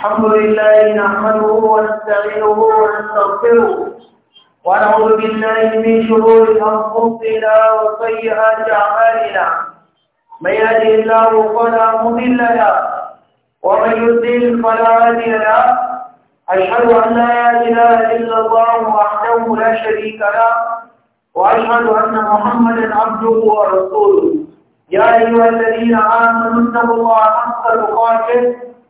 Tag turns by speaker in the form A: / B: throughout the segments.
A: الحمد لله نحمده ونستعينه ونستغفره ونعوذ بالله من شرور انفسنا وسيئات اعمالنا من يهده الله فلا مضل له ومن يضلل فلا هادي له اشهد ان لا اله الا الله وحده لا شريك له واشهد ان محمدا عبده ورسوله يا ايها الذين امنوا اتقوا الله حق تقاته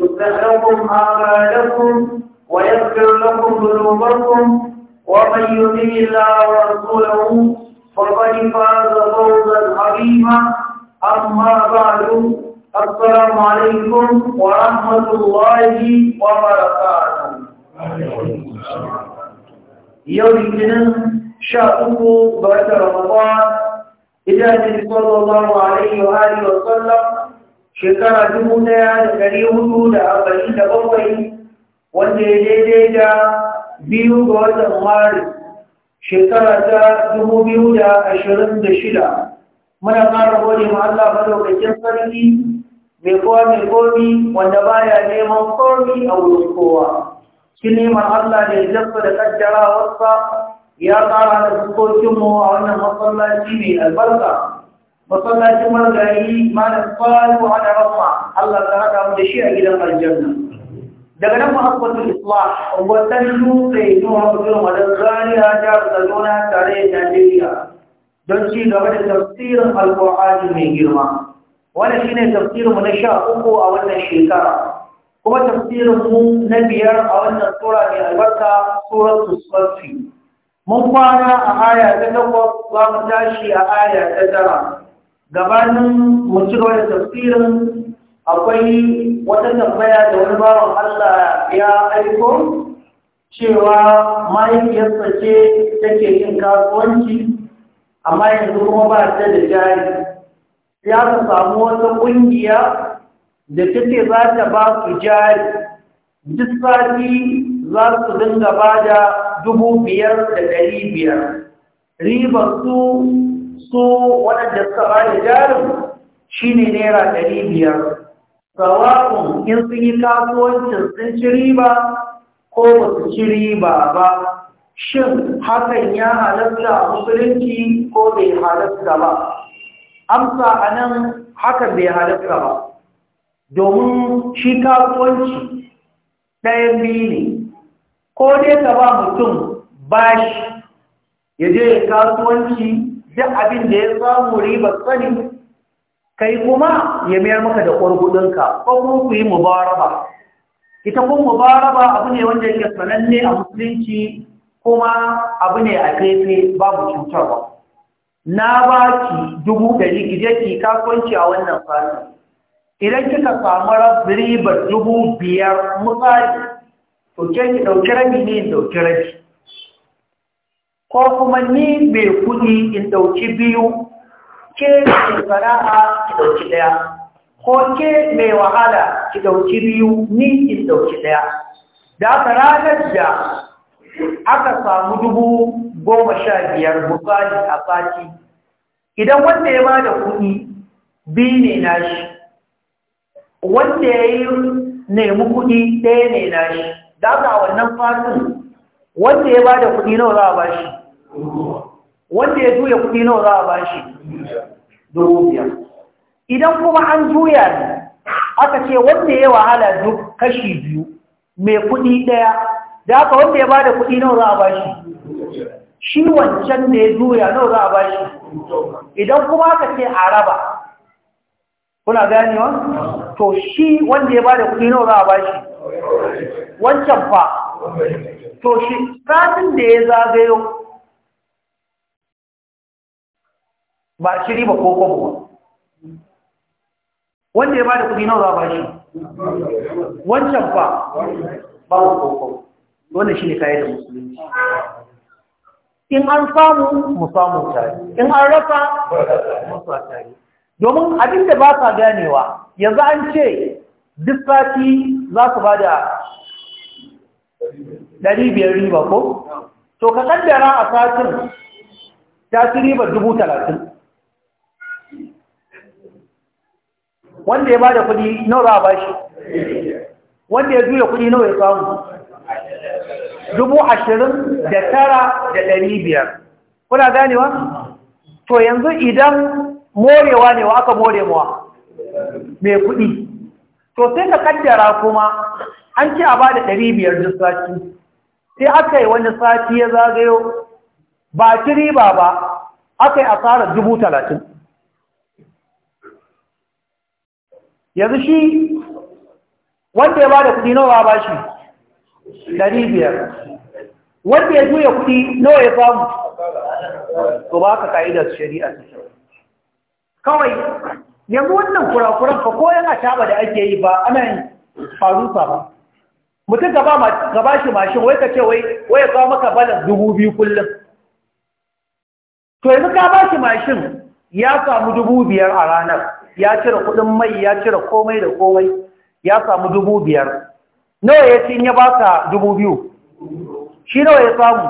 A: يصلح أعمالكم ويغفر لكم ذنوبكم ومن يطع الله ورسوله فقد فاز فوزا عظيما أما بعد السلام عليكم ورحمة الله وبركاته
B: يومنا الاثنين بشر رمضان إذا صلى الله عليه وآله وسلم shekara dubu ɗaya da dari hudu da arba'in da bakwai wanda ya daidai da biyu ga watan maris shekara ta dubu biyu da ashirin da shida muna fara gode ma Allah madaukakin sarki mai kowa mai komi wanda baya neman komi a wurin kowa shi neman Allah da ya zafa da kaddara wasa ya kara da sukokinmu a wannan masallaci mai albarka masallacin margari malam faru a da rafa Allah ta haɗa mu da shi a gidan aljanna daga nan mahabbatul islah watan lutse yin mahabbatul madan zariya jihar kaduna tare da najeriya don ci gaba da tafsirin Alqur'ani mai girma wannan shine tafsirin mu na sha uku a wannan shekara kuma tafsirin mu na biyar a wannan sura mai albarka suratul safi mun kwana a aya ta takwas za mu tashi a aya ta tara gabanin mu ci da tafsirin akwai wata tambaya da wani bawan Allah ya aiko cewa mahaifiyarsa ce take yin kasuwanci amma yanzu kuma ba ta da jari ya ka samu wata ƙungiya da take za ta ba su jari duk sati za su dinga ba da dubu biyar da ɗari biyar ribar su su waɗanda suka ba da jarin shi ne naira ɗari biyar sawa'un in sun yi kasuwancin sun ci riba ko ba su ci riba ba shin hakan ya halatta a musulunci ko bai halatta ba amsa a nan hakan bai halatta ba
A: domin shi kasuwanci ɗayan biyu
B: ne ko dai ka ba mutum bashi ya je kasuwanci duk abin da ya samu ribar sani kai kuma ya mayar maka da ƙwargudunka ko kuma ku yi mubaraba ita kun mubaraba abu ne wanda yake sananne a musulunci kuma abu ne a kaife babu cutarwa na ba ki dubu ɗari gida ki kasuwanci a wannan fasa idan kika samu ribar dubu biyar misali to ke ki ɗauki rabi ne in ɗauki rabi ko kuma ni mai kuɗi in ɗauki biyu ke mai fara'a ki ɗauki ɗaya ko ke mai wahala ki ɗauki biyu ni in ɗauki ɗaya da aka ranar da aka samu dubu goma sha biyar bukari a fati idan wanda ya ba da kuɗi biyu ne nashi wanda ya yi nemi kuɗi ɗaya ne nashi da aka wannan fatin wanda ya ba da kuɗi nawa za a ba shi wanda ya juya kuɗi nawa za a ba shi dubu biyar idan kuma an juya ne aka ce wanda ya wahala duk kashi biyu mai kuɗi ɗaya da aka wanda ya ba da kuɗi nawa za a ba
C: shi
B: shi wancan da ya juya nawa za a ba shi idan kuma aka ce a raba kuna ganewa to shi wanda ya ba da kuɗi nawa za a ba shi wancan fa to shi kafin da ya zagayo ba shi riba ko ba wanda ya bada kudi nawa ba shi wancan fa ba ko kwabo wannan shine kai da musulunci in an samu mu samu tare in an rasa mu sa tare domin abin da ba sa ganewa yanzu an ce duk sati za su ba da biyar riba ko to ka kaddara a satin ta ci riba talatin. wanda ya ba da kuɗi nawa za ba shi wanda ya juya kuɗi nawa ya samu
C: dubu ashirin da tara da
B: ɗari biyar kuna ganewa to yanzu idan morewa ne wa aka more mawa mai kuɗi to sai ka kaddara kuma an ce a ba da ɗari biyar da sati sai aka yi wani sati ya zagayo ba ci riba ba aka yi asarar dubu talatin yanzu shi wanda ya ba da kudi nawa ba shi Dari biyar. wanda ya juya kudi nawa ya samu to ba ka ka'idar shari'a kawai yanzu wannan kurakuran ka ko yana taba da ake yi ba ana yin farusa ba mutum gaba shi mashin wai ka ce wai ya kawo maka balas dubu biyu kullum to yanzu ka ba shi mashin ya samu dubu biyar a ranar ya cire kuɗin mai ya cire komai da komai ya samu dubu biyar nawa ya ci ya ba ka dubu biyu shi nawa ya samu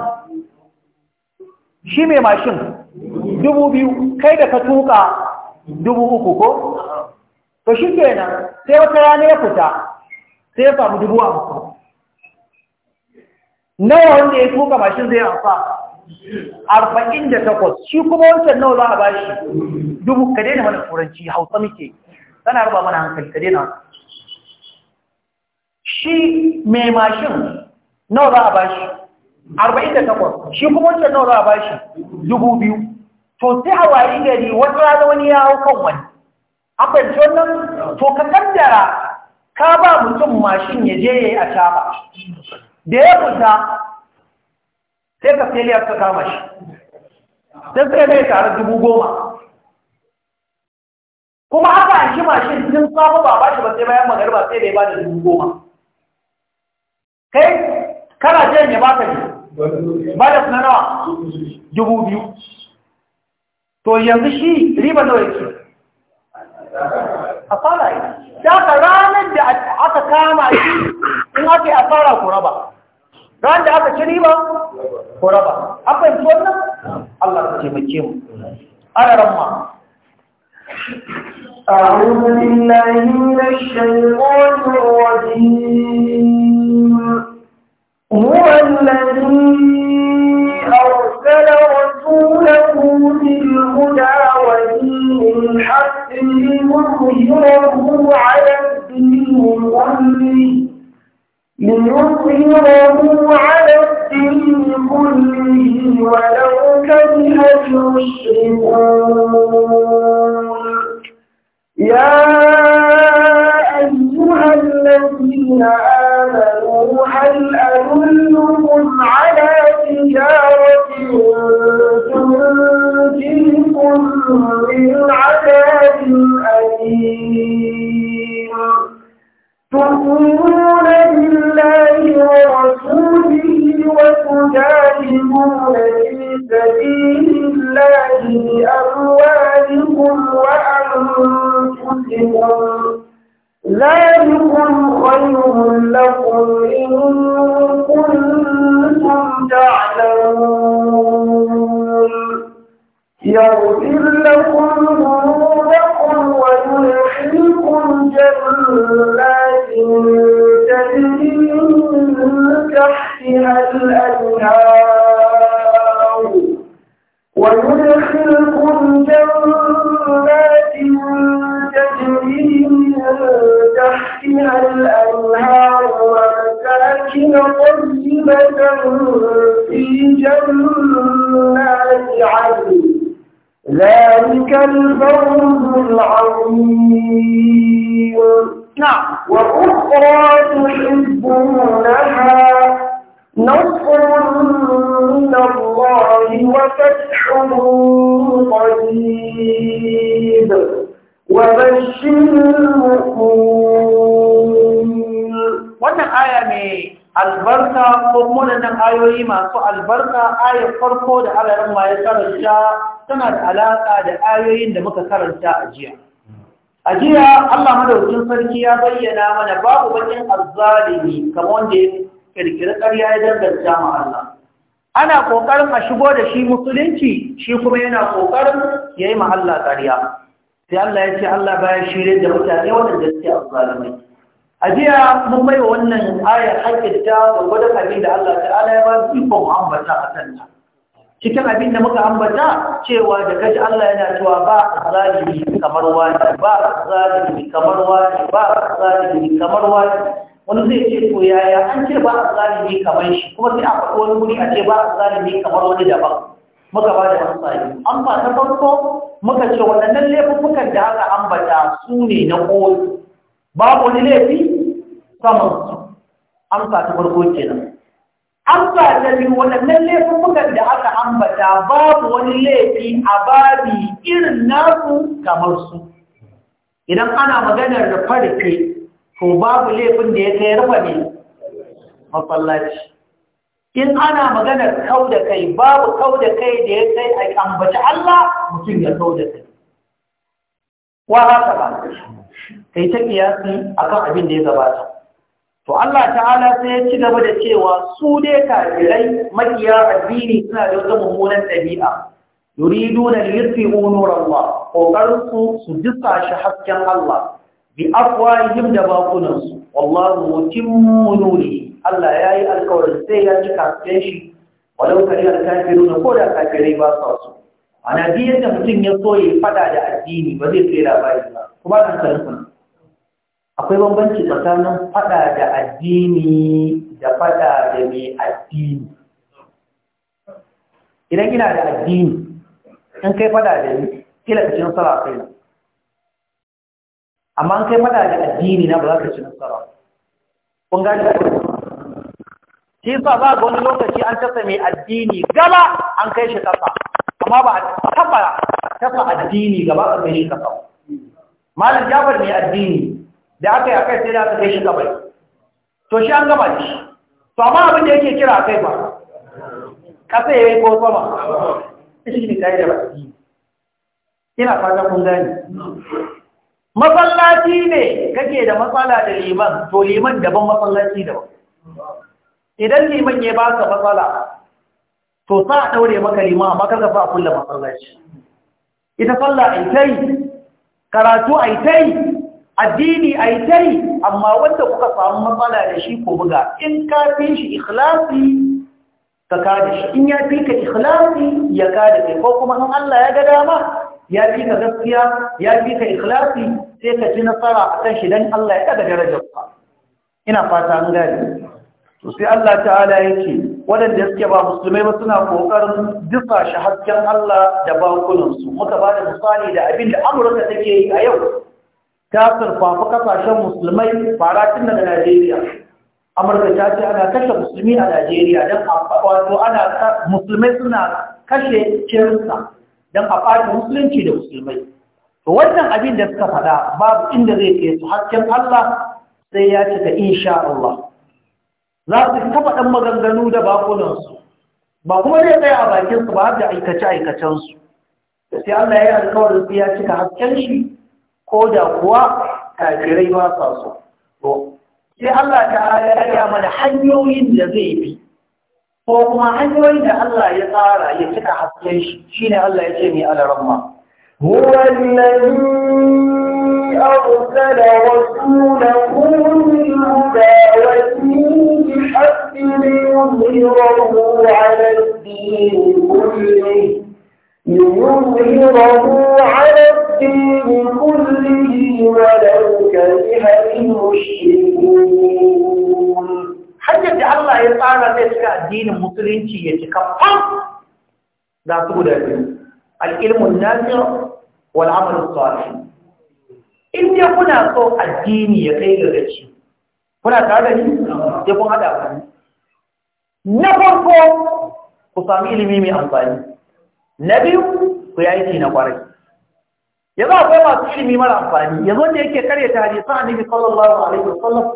B: shi mai mashin dubu biyu kai da ka tuka dubu uku ko to shi ke nan, sai wata rana ya fita sai ya samu dubu hamsin nawa wanda ya tuka mashin zai amfa arba'in da takwas shi kuma wancan nawa za a ba shi dubu ka daina mana turanci hausa muke tana raba mana hankali ka daina shi mai mashin nawa za a ba shi arba'in da takwas shi kuma wancan nawa za a ba shi dubu biyu to sai a wari gari wani rana wani ya hau kan wani Akwai fahimci wannan to ka kaddara ka ba mutum mashin ya je ya yi a da ya fita sai ka sai liyar ka kama shi sai sai mai tare dubu goma kuma haka an shi mashin tun samu ba ba shi ba sai bayan ba sai da ya da dubu goma kai kana jiran ya baka ne ba da suna nawa dubu biyu to yanzu shi riba nawa yake fara yi ka ranar da aka kama shi in aka yi fara ku raba ran da aka ci riba ko raba akan tsonna Allah ya taimake mu ararran ma
A: a'udhu billahi minash shaytanir rajim huwa alladhi arsala rasulahu bil huda wa dinil haqqi liyudhhirahu 'ala dinil kulli ليظهره على الدين كله ولو كره المشركون
B: يا
A: أيها الذين آمنوا هل أدلكم على تجارة تنجيكم من عذاب أليم تجاهدون في سبيل الله بأموالكم وأنفسكم ذلكم خير لكم إن كنتم تعلمون يغفر لكم ذنوبكم ويلحقكم جنات تجري من فيها الأنهار ويدخلكم جنات تجري من تحتها الأنهار ومساكن طيبة في جنات عدن ذلك الفوز العظيم نعم وأخرى تحبونها نصر من الله وفتح قريب وبشر المؤمنين wannan aya mai
B: albarka ko munanan ayoyi masu albarka ayar da alarin ma karanta tana da alaƙa da ayoyin da muka karanta a jiya a jiya Allah madaukakin sarki ya bayyana mana babu bakin azzalimi kamar wanda ya kirkiri ƙarya ya danganta ma Allah ana kokarin a shigo da shi musulunci shi kuma yana ƙoƙarin yayi yi Allah ƙarya sai Allah ya ce Allah baya shirye da mutane waɗanda suke azzalimai a jiya mun bai wannan ayar haƙƙin ta gwada abin da Allah ta'ala ya ba su mu ambata a kanta cikin abin da muka ambata cewa da gaji Allah yana cewa ba zalimi kamar wani ba zalimi kamar wani ba zalimi kamar wani wani zai ce to yaya an ce ba a zalimi kamar shi kuma sai a faɗi wani wuri a ce ba a zalimi kamar wani daban muka ba da amfani amfa ta farko muka ce waɗannan laifukan da aka ambata su ne na kowai, babu wani laifi saman su amsa ta farko kenan amsa ta biyu waɗannan laifukan da aka ambata babu wani laifi a babi irin nasu kamar su idan ana maganar da farke to babu laifin da ya kai rufa ne masallaci in ana maganar kau da kai babu kau da kai da ya kai a ambaci Allah mutum ya kau da kai wa haka ba kai ta kiyasi kan abin da ya gabata to Allah ta'ala sai ya ci gaba da cewa su dai kafirai makiya addini suna da wata mummunan ɗabi'a yuridu na nurallah kokarin su su disa shi hasken Allah bi afwahihim da bakunansu wallahu mutimmu nuri Allah yayi alƙawarin sai ya cika sai shi walau kare alkafiruna ko da kafirai ba sa so ana bi yadda mutum ya so ya fada da addini ba zai tsira ba kuma dan sarfin akwai bambanci tsakanin fada da addini da fada da mai addini idan ina da addini in kai fada da ni kila ka ci kai na amma an kai mada da addini na ba za ka ci nasara kun gani da shi sa za ga wani lokaci an tasa mai addini gaba an kai shi kasa amma ba a taba tasa addini gaba a kai shi kasa malam jabar mai addini da aka yi a kai sai da aka kai shi gaba to shi an gaba shi to amma abin da yake kira kai ba kasa ya yi ko sama shi ne kai da addini ina fata kun gani masallaci ne kake da matsala da liman to liman daban masallaci daban idan liman ya ba ka matsala to sa a daure maka liman amma kaga ba kullum masallaci ita sallah ai karatu aitai, addini aitai, amma wanda kuka samu matsala da shi ko buga in ka fi shi ikhlasi ka shi in ya fi ka ikhlasi ya kada kai ko kuma in Allah ya ga dama ya fi ka gaskiya ya fi ka ikhlasi sai ka ci nasara a kan shi don Allah ya ɗaga darajarsa ina fata an gari to sai Allah ta'ala ya ce waɗanda suke ba musulmai ba suna ƙoƙarin dufa shi hasken Allah da bakunansu muka ba da misali da abin da amurka take yi a yau ta surfafi kasashen musulmai faratin daga najeriya amurka ta ce ana kashe musulmi a najeriya don wato ana musulmai suna kashe kirista don a ɓata musulunci da musulmai to wannan abin da suka faɗa babu inda zai kai su hasken Allah sai ya cika insha Allah za su kafa ɗan maganganu da bakunansu ba kuma zai tsaya a bakinsu ba har da aikace-aikacensu sai Allah ya yi alkawarin su ya cika hasken shi ko da kuwa kafirai ba sa so to sai Allah ta ya mana hanyoyin da zai bi ko kuma hanyoyin da Allah ya tsara ya cika hasken shi shine Allah ya ce alaramma هو
A: الذي أرسل رسوله بالهدى ودين الحق ليظهره على الدين كله ليظهره على الدين كله ولو كره المشركون hanyar da Allah
B: ya tsara zai cika addinin musulunci ya cika fam za su guda biyu al'ilmun nasir wal amalin inda in kuna so addini ya kai ga gaci kuna tare da ni ya kun hada ku na farko ku sami ilimi mai amfani na biyu ku aiki na kwarai yanzu akwai masu ilimi mara amfani yanzu wanda yake karyata hadisan annabi sallallahu alaihi wasallam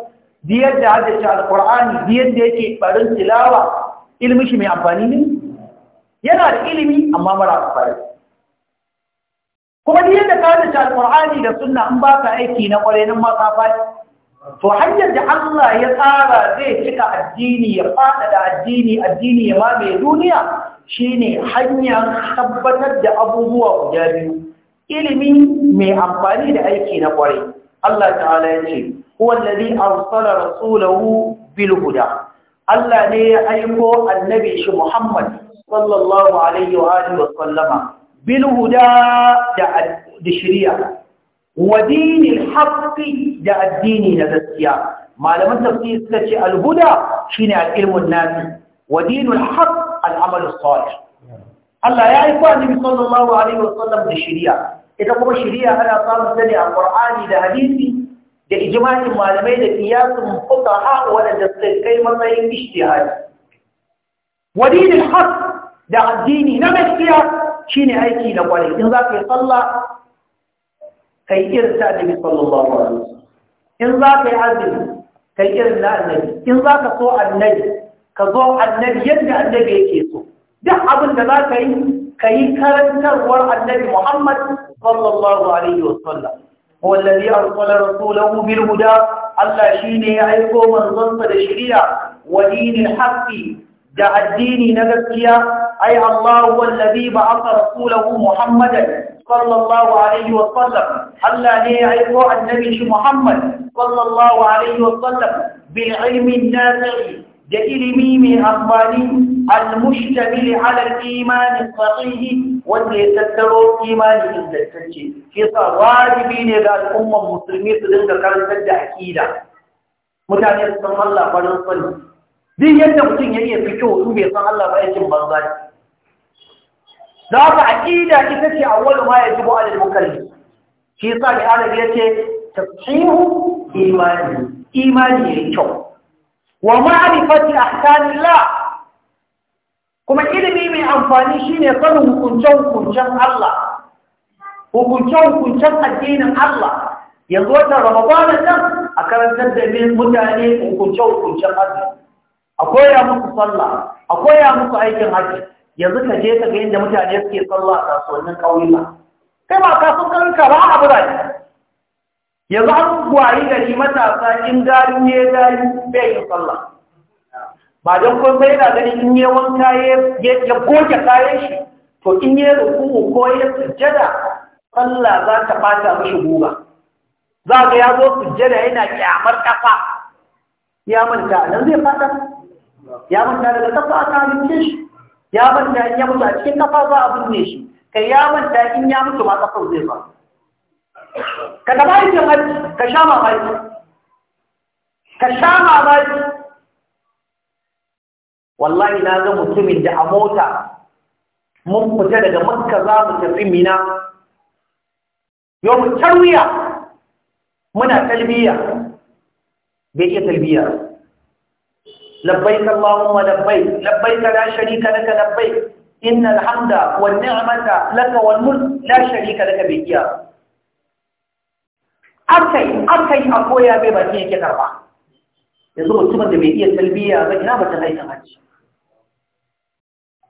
B: biyar da haddace alkur'ani biyar da yake barin tilawa ilimin shi mai amfani ne yana da ilimi amma mara amfani kuma biyar da haddace alkur'ani da sunna in ba ka aiki na kwarenin matsafa to hanyar da Allah ya tsara zai cika addini ya fada da addini addini ya mamaye duniya shine hanyar tabbatar da abubuwa guda biyu ilimi mai amfani da aiki na kwarai Allah ta'ala ya ce huwa alladhi arsala rasulahu bil huda Allah ne ya aiko annabi shi Muhammad sallallahu alaihi wa alihi wa sallama bil huda da da shari'a wa dinil haqqi da addini na gaskiya malaman tafsir suka ce al-huda shine al-ilmun nafi wa dinul haqq al-amalu salih Allah ya aiko annabi sallallahu alaihi wa sallam da shari'a ita kuma shari'a ana samun ta ne a Qur'ani da hadisi da ijmanin malamai da kiyasun fuqaha waɗanda suka kai matsayin ijtihadi wadidin haq da addini na gaskiya shine aiki na kwarai in za ka yi sallah kai irin ta annabi sallallahu alaihi wasallam in za ka yi azumi kai irin na annabi in za ka so annabi ka zo annabi yadda annabi yake so duk abin da za ka yi ka yi karantarwar annabi muhammad sallallahu alaihi wasallam هو الذي أرسل رسوله بالهدى ألا شيني يعيبه من ظنص الشريعة ودين الحق دع الدين نغسيا أي الله هو الذي بعث رسوله محمدا صلى الله عليه وسلم ألا يعيبه النبي محمد صلى الله عليه وسلم بالعلم النافع da ilimi mai amfani al-mushtamil ala al-iman sahih wanda ya tattaro imani ingantacce kisa wajibi ne ga al'ummar musulmi su dinga karantar da aqida mutane su san Allah farin sani duk yadda mutum ya iya fito su bai san Allah ba yakin banza ne aƙida ka aqida ita ce awwalu ma yajibu ala al-mukallif shi yasa ne Allah ya ce imani imani kyau wa ma'rifati ahkamillah kuma ilimi mai amfani shine sanin hukuncen hukuncen Allah hukuncen hukuncen addinin Allah yanzu wata Ramadan nan a karantar da mutane hukuncen hukuncen Allah. a koya muku sallah a koya muku aikin haji yanzu ka je ka ga yadda mutane suke sallah a kasuwannin ƙauyuka kai ba ka so kanka ba a birane yanzu an gwayi gari matasa in dari ne dari bai yi sallah ba don kun sai da gani in yi wanka ya goge kayan shi to in yi rukuku ko ya sujjada sallah za ta bata mashi guba za ga ya zo sujjada yana kyamar kafa ya manta nan zai fada ya manta daga kafa a tarihin shi ya manta in ya mutu a cikin kafa za a binne shi kai ya manta in ya mutu ma kafa zai fada کدبایتی غد کشام آغای کشام آغای واللہی ناظر مطمئن جا اموتا مطمئن جا مکزام تفی منا یوم چروی منا تلبیع بیئی تلبیع لبیت اللہم لبیت لبیت لا شریک لکا لبیت ان الحمد والنعمت لکا والملک لا شریک لکا بیئی aka yi aka yi a koya ba bakin yake karba yanzu mutumin da bai iya talbiya ba ina batun aikin hajji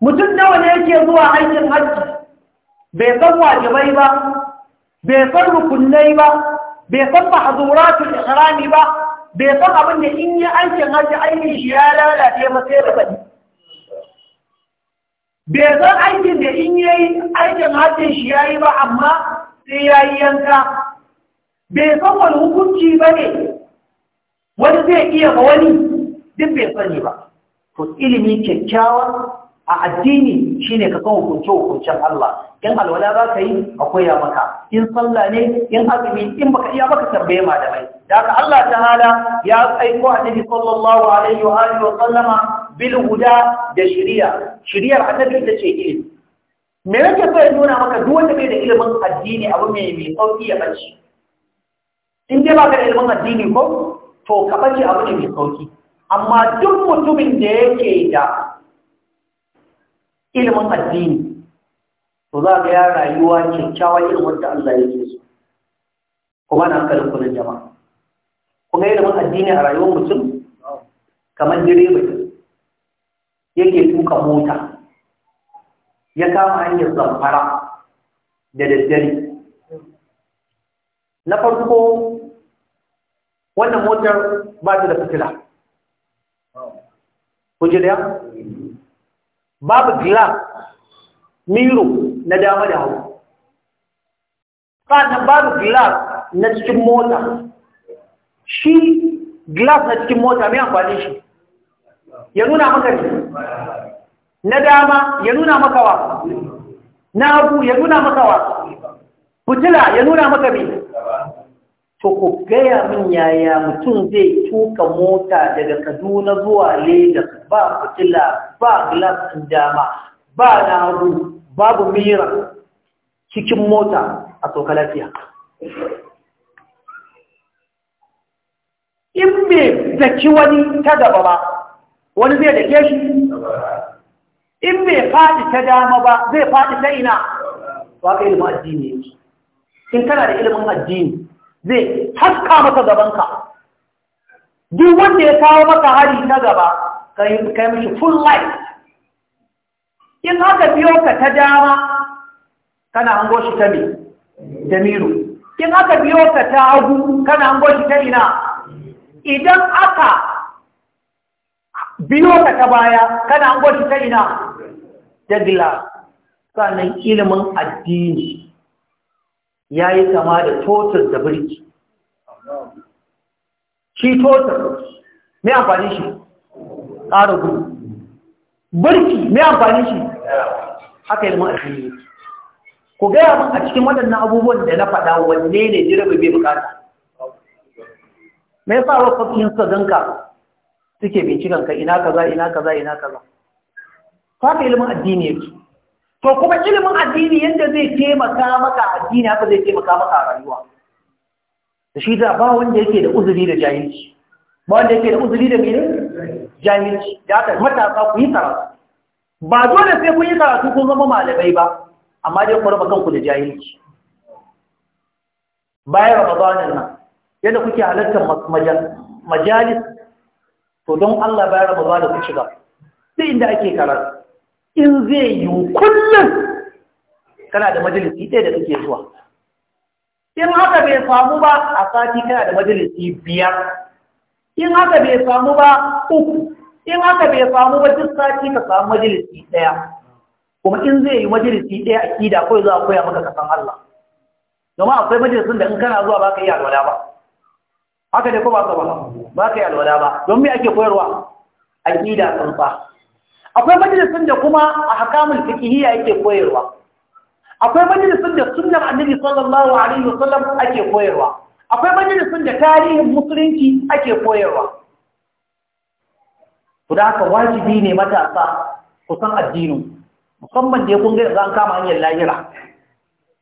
B: mutum nawa ne yake zuwa aikin hajji bai san wajibai ba bai san rukunai ba bai san mahzuratul ihrami ba bai san abin da in yi aikin hajji aikin shi ya lalace ba sai da bani bai san aikin da in yi aikin hajjin shi ya yi ba amma sai ya yi yanka bai san hukunci ba ne wani zai iya ma wani duk bai sani ba to ilimi kyakkyawa a addini shine ka san hukunce hukuncen Allah in alwala ba ka yi akwai ya maka in sallah ne in azumi in baka iya baka tambaye malamai da haka Allah ta'ala ya aiko annabi sallallahu alaihi wa alihi wa sallama bil huda da shari'a shari'ar annabi ce ilimi me yake so ya nuna maka duk wanda bai da ilimin addini abu mai mai sauki ya bace in dai baka da ilimin addini ko to ka bace abu ne mai sauki amma duk mutumin da yake da ilimin addini to za ga ya rayuwa kyakkyawa irin wanda Allah yake so kuma na hankalin kullun jama'a kuma ilimin addini a rayuwar mutum kamar direba yake tuka mota ya kama hanyar zamfara da daddare na farko wannan motar ba ta da fitila kuje da babu glass miro na dama da hau sannan babu glass na cikin mota shi glass na cikin mota mai amfani shi ya nuna maka ne na dama ya nuna maka wa na hagu ya nuna maka wa fitila ya nuna maka bi? to ku gaya min yaya mutum zai tuka mota daga kaduna zuwa lagos ba fitila ba glas ɗin dama ba na hagu babu mira cikin mota a sauka lafiya in bai zaki wani ta gaba ba wani zai dake shi in bai faɗi ta dama ba zai faɗi ta ina ba ka ilimin addini in kana da ilimin addini zai haska maka gabanka duk wanda ya kawo maka hari na gaba ka yi mishi full life in haka biyo ka ta dama kana hango shi ta da damiru in haka biyo ka ta hagu kana hango shi ta ina idan aka biyo ka ta baya kana hango shi ta ina da gila sannan ilimin addini ya yi kama da totar da birki shi totar mai amfani shi ƙara gudu birki mai amfani shi haka ilmin addini ku gaya min a cikin waɗannan abubuwan da na faɗa wanne ne jirage bai bukata mai sa wasu yin sadanka suke bincikanka ina kaza ina kaza ina kaza fata ilimin addini yake to kuma ilimin addini yadda zai taimaka maka addini haka zai taimaka maka a rayuwa da shi da ba wanda yake da uzuri da jahilci ba wanda yake da uzuri da mene jahilci da aka matasa ku yi karatu ba dole sai kun yi karatu kun zama malamai ba amma dai ku raba kanku da jahilci bayan ramadanin nan yadda kuke halartar majalis to don Allah bayan ramadanin ku shiga sai inda ake karatu
A: in zai yi
B: kullum kana da majalisi ɗaya da kake zuwa in haka bai samu ba a sati kana da majalisi biyar in haka bai samu ba uku in haka bai samu ba duk sati ka samu majalisi ɗaya kuma in zai yi majalisi ɗaya a kida kawai zuwa koya maka kasan Allah domin akwai majalisun da in kana zuwa ba ka yi alwala ba haka ne ko ba ka ba ba ka yi alwala ba don me ake koyarwa a sun tsantsa akwai majalisun da kuma a hakamun fikihiyya yake koyarwa akwai majalisun da sunnar annabi sallallahu alaihi wasallam ake koyarwa akwai majalisun da tarihin musulunci ake koyarwa ku da haka wajibi ne matasa ku san addinin musamman da ya kun ga an kama hanyar lahira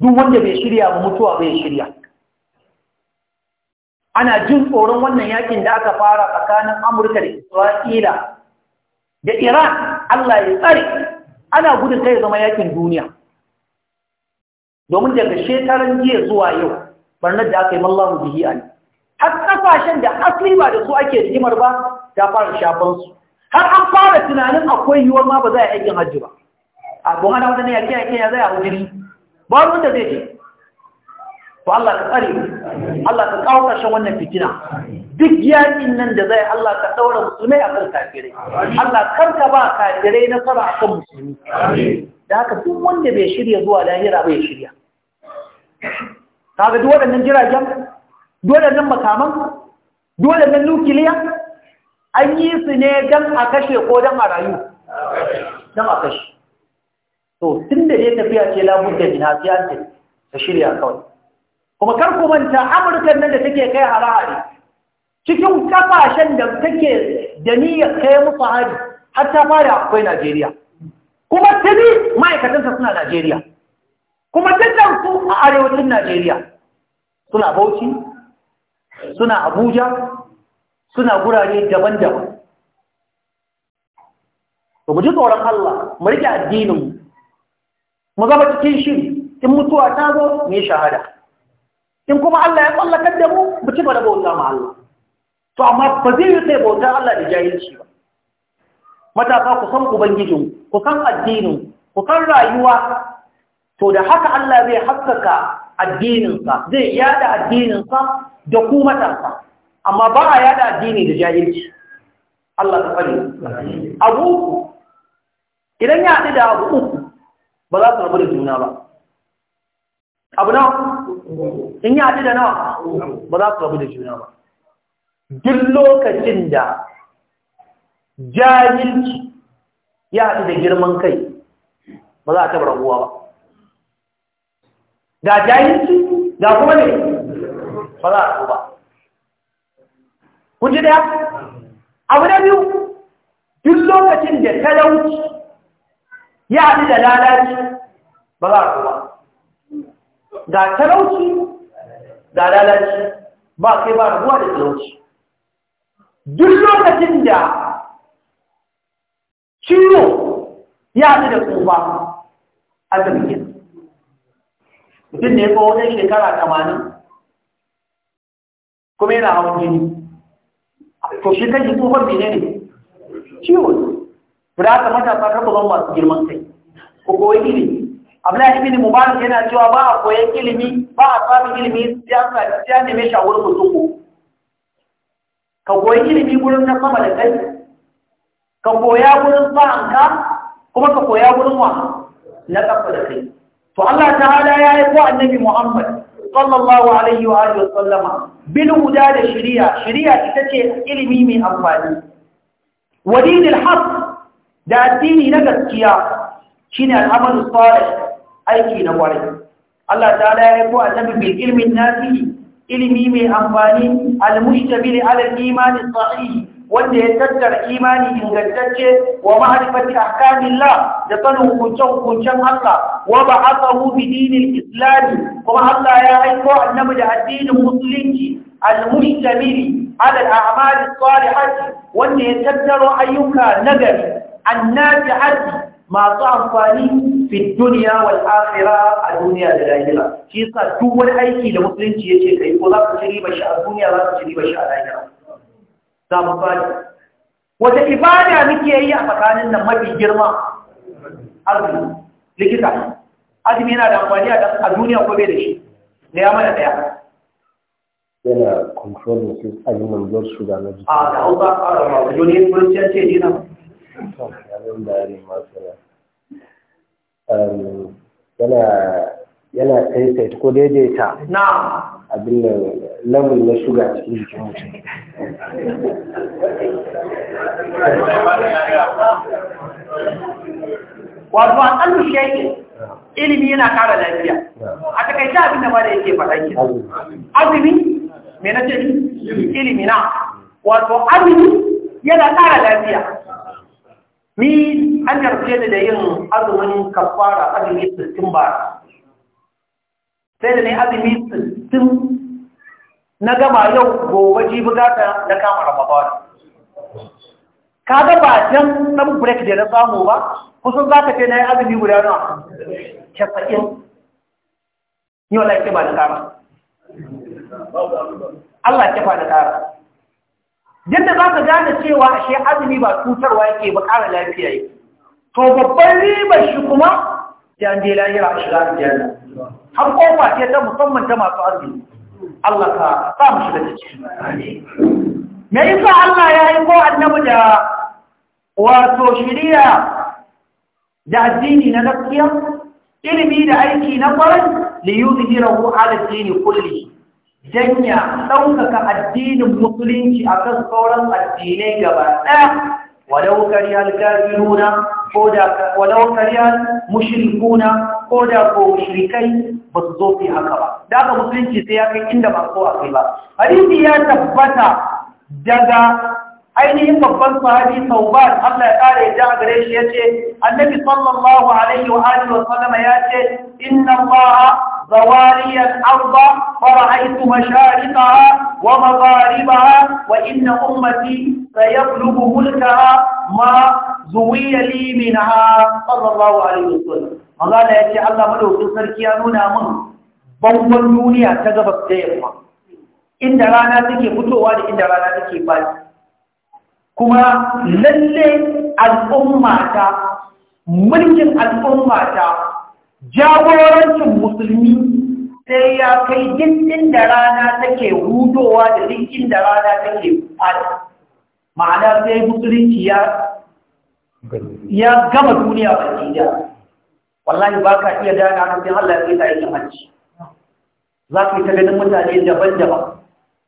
B: duk wanda bai shirya ba mutuwa bai shirya ana jin tsoron wannan yakin da aka fara tsakanin Amurka da Isra'ila da Iran Allah ya tsare ana gudun kai zama yakin duniya domin daga shekaran jiya zuwa yau barnar da aka yi mallahu bihi an har kasashen da asali ba da su ake rigimar ba ta fara shafan su
A: har an fara
B: tunanin akwai yiwuwar ma ba za a yi aikin hajji ba a don ana wadannan yake yake ya zai a hujiri ba wanda zai je to Allah ka tsare Allah ka kawo ƙarshen wannan fitina duk yaƙin nan da zai Allah ka ɗaura musulmai a kan kafirai Allah karka ba kafirai nasara a kan musulmi da haka duk wanda bai shirya zuwa lahira bai shirya kaga duk waɗannan jiragen duk nan makaman duk nan nukiliya an yi su ne don a kashe ko don a rayu don a kashe to tun da dai tafiya ce lamun da hasiya ce ta shirya kawai kuma kar ku manta amurkan nan da take kai hare-hare cikin kasashen da take da niyyar kai musu hari har ta fara akwai Najeriya kuma tuni ma'aikatanta suna Najeriya kuma dukkan su a arewacin Najeriya suna Bauchi suna Abuja suna gurare daban-daban to mu ji tsoron Allah mu rike addinin mu zama cikin shi in mutuwa ta zo mu shahada in kuma Allah ya tsallakar da mu mu ci gaba da bauta ma Allah to amma ba zai yi sai bautar Allah da jahilci ba matasa ku san ubangijin ku san addinin ku san rayuwa to da haka Allah zai haskaka addininsa zai yada addininsa da ku matasa amma ba a yada addini da jahilci Allah ta fari abu idan ya haɗu da abu uku ba za su rabu da juna ba abu na in ya haɗu da nawa ba za su rabu da juna ba duk lokacin da jahilci ya haɗu da girman kai ba za a taɓa rabuwa ba ga jahilci ga kuma ne ba za a ba kun ji daya abu na biyu duk lokacin da talauci ya haɗu da lalaci ba za a ba ga talauci ga lalaci ba kai ba rabuwa da talauci duk lokacin da ciwo ya fi da tsufa a zargin mutum da ya kawo wajen shekara tamanin kuma yana hawan jini to shi kan yi tsofar bine ne ciwo ne ta matasa karɓar masu girman kai ko kowai ilimi abdullahi ibn mubarak yana cewa ba a koyan ilimi ba a samun ilimi ya ta neme shi a wurin ka koyi ilimi gurin na sama da kai ka koya gurin sa'anka kuma ka koya gurin wa na kafa da kai to Allah ta'ala ya yi ko annabi Muhammad sallallahu alaihi wa alihi wa sallama bil huda da shari'a shari'a ita ce ilimi mai amfani wadidil haq da addini na gaskiya shine al'amalu salih aiki na gwari. Allah ta'ala ya yi ko annabi bil ilmin nafi'i ilimi mai amfani al-mushtabili ala al-iman as-sahih wanda ya tattara imani ingantacce wa ma'rifati ahkamillah da sanin hukuncen hukuncen Allah wa ba'athahu bi dinil islam kuma Allah ya aiko annabi da addinin musulunci al-mushtabili ala al-a'mal as-salihah wanda ya tattaro ayyuka nagari annati masu amfani fi duniya wal akhira a duniya da lahira shi yasa duk wani aiki da musulunci yace kai ko za ka ci riba shi a duniya za ka ci riba shi a lahira za mu fadi wata ibada muke yi a tsakanin nan mafi girma azumi likita azumi yana da amfani a duniya ko bai da shi da ya mana daya
A: yana controlling his aliman blood sugar na jiki a da hausa
B: a da ma wajen yin kurciyar ce dina
A: Um,
B: yana taisaita ko daidaita abin da level na shuga cikin jikin mutum wato a kan shi yake ilimi yana kara lafiya a takaice abin da ba da yake faɗa ke azumi me na ce ilimi na wato azumi yana kara lafiya ni an yarfe da yin azumin kafara azumi sittin ba sai da ne azumi sittin na gama yau gobe ji bugata na kama ramadan ga ba can dan break da na samu ba kusan za ka ce na yi azumi guda nawa casa'in yau ke ba da kara Allah ya kifa da kara yadda za ka gane cewa ashe azumi ba cutarwa yake ba ƙara lafiya to babban ribar shi kuma ya an je lahira a shiga aljanna har kofa ce ta musamman ta masu azumi Allah ka sa mu shiga ciki me yasa Allah ya yi ko annabi da wato shiriya da addini na gaskiya ilimi da aiki na kwarai li yuzhirahu ala dini kulli janya ɗaukaka addinin musulunci a kan sauran addinai gaba ɗaya walau kariyar gafiruna walau kariyar mushrikuna ko da ko shirikai ba su zo fi haka ba da aka musulunci sai ya kai inda ba so a kai ba hadisi ya tabbata daga ainihin babban sahabi sauban Allah ya kare ya gare shi yace annabi sallallahu alaihi wa alihi wa sallama yace inna allaha ضواري الأرض فرأيت مشارقها ومغاربها وإن أمتي سيبلغ ملكها ما زوي لي منها صلى الله عليه وسلم Allah da ya ce Allah madaukin sarki ya nuna mun bangon duniya ta gabas ta yamma inda rana take fitowa da inda rana take faɗi kuma lalle al'ummata mulkin al'ummata jagorancin musulmi sai ya kai dindin da rana take hudowa da dindin da rana take fada ma'ana sai musulunci ya gama duniya baki da wallahi ba ka iya dana sai Allah ya ta aikin hajji za ka yi ta ganin mutane daban-daban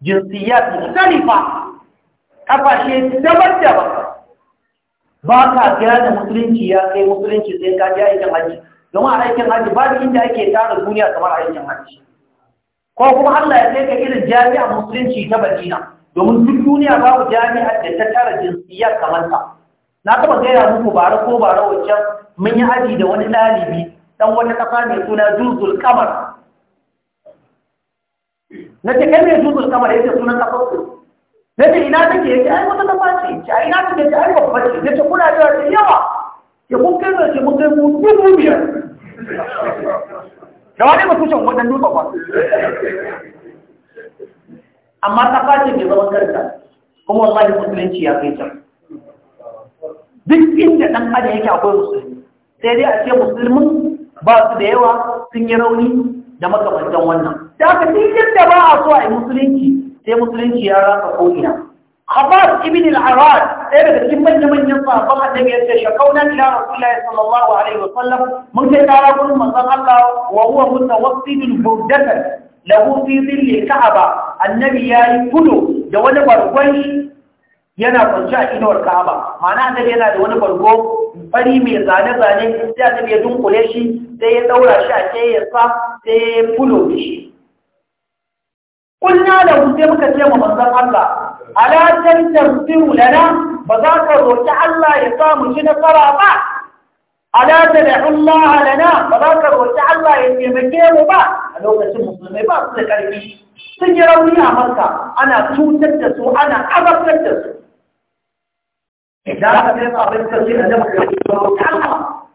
B: jinsiyar mustalifa kafashe daban-daban ba ka da musulunci ya kai musulunci sai ka ji aikin hajji don a aikin haji babu inda ake tara duniya kamar aikin haji ko kuma Allah ya kai ka irin jami'a musulunci ta Madina domin duk duniya babu jami'a da ta tara jinsiya kamar ta na kuma gaya muku bara ko bara wajen mun yi haji da wani dalibi dan wata kafa mai suna Zulzul Qamar na ta kai mai Zulzul Qamar yake sunan kafa ku na ina take yake ai wata kafa ce ai ina take ai babba ce ne ce kuna da yawa ya kun kai zace mun kai mu dubu biyar da wani mutum shan wajen dutsen ba amma ta fashe mai zaman karta kuma wallahi musulunci ya kai can duk inda ɗan adam yake akwai musulmi sai dai a ce musulmin ba su da yawa sun yi rauni da makamantan wannan da aka cikin da ba a so a yi musulunci sai musulunci ya rasa ko'ina Abbas ibn al-Arad ɗaya daga cikin manya-manyan sahabban annabi ya ce shakauna ila Rasulullahi sallallahu alaihi wa sallam mun kai kara gurin manzon Allah wa huwa mutawassidun burdatan lahu fi dhilli Ka'aba annabi yayi kudu da wani bargwai yana kwance a inuwar Ka'aba ma'ana annabi yana da wani bargo fari mai zane-zane sai annabi ya dunkule shi sai ya daura shi a sa sai ya fulo da shi kunna da wuce muka ce ma manzon Allah ala tantarfiru lana ba za ka roki Allah ya sa mu shi nasara ba ala tad'u Allah lana ba za ka roki Allah ya taimake mu ba a lokacin musulmai ba su da karfi sun yi rauni a Makka ana cutar da su ana azabtar da su idan aka kai abin kace da muka roki Allah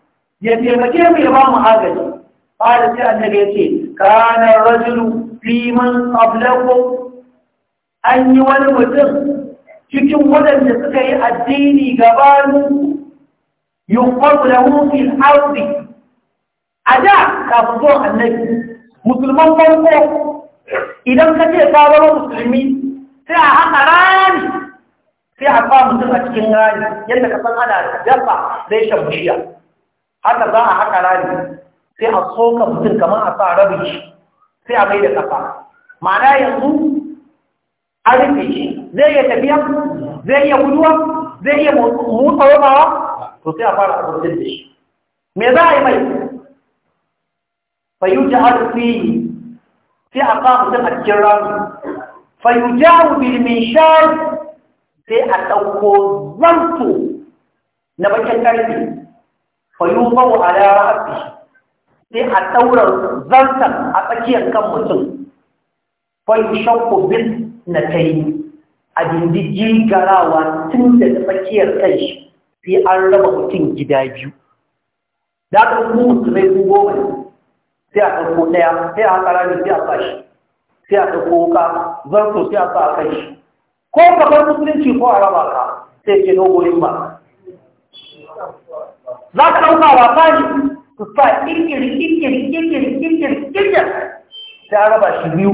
B: ya taimake mu ya ba mu agaji قال سي النبي يتي كان الرجل Liman man an yi wani mutum cikin waɗanda suka yi addini gabanin da lahu fil A da kafin zuwan annabi musulman farko idan ka ce sabon musulmi sai a haka rani sai a ba mutum a cikin rani yadda ka san ana dafa reshen bishiya haka za a haka rani sai a soka mutum kamar a sa rabin sai a mai da kafa ma'ana yanzu an rufe shi zai iya tafiya zai iya guduwa zai iya mutsa romawa to sai a fara abincin da shi me za a yi mai fayuja arfi sai a kawo mutum a cikin rami fayuja bilmin shar sai a ɗauko zarto na bakin ƙarfi fayuba wa ala ra'afi sai a ɗaura zantar a tsakiyar kan mutum kwan shakku bin na ta yi a dindiji garawa tun da tsakiyar kan shi sai an raba mutum gida biyu da aka kuma musulmai sun goma ne sai a ɗauko ɗaya sai a haka rami sai a sa shi sai a ɗauko ka zarto sai a sa a kai shi ko bar musulunci ko a raba ka sai ke dogon ba za ka ɗauka wasa ne su sa ta raba shi biyu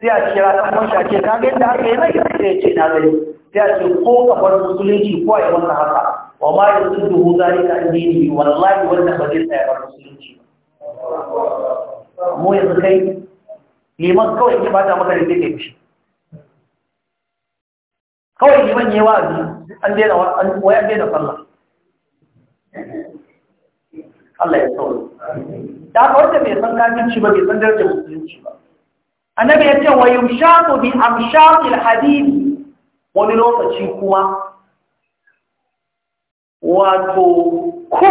B: a kira aka ce na rai sai ce ko kafar musulunci ko a yi wa sun ka wallahi ba zai mu yanzu kai liman kawai maka da shi. kawai an daina daina sallah Allah ya sauri da haka wanda mai san kafinci ba mai san darajar musulunci ba annabi ya ce wa yumshaqu bi amshaqil hadid wani lokaci kuma wato ku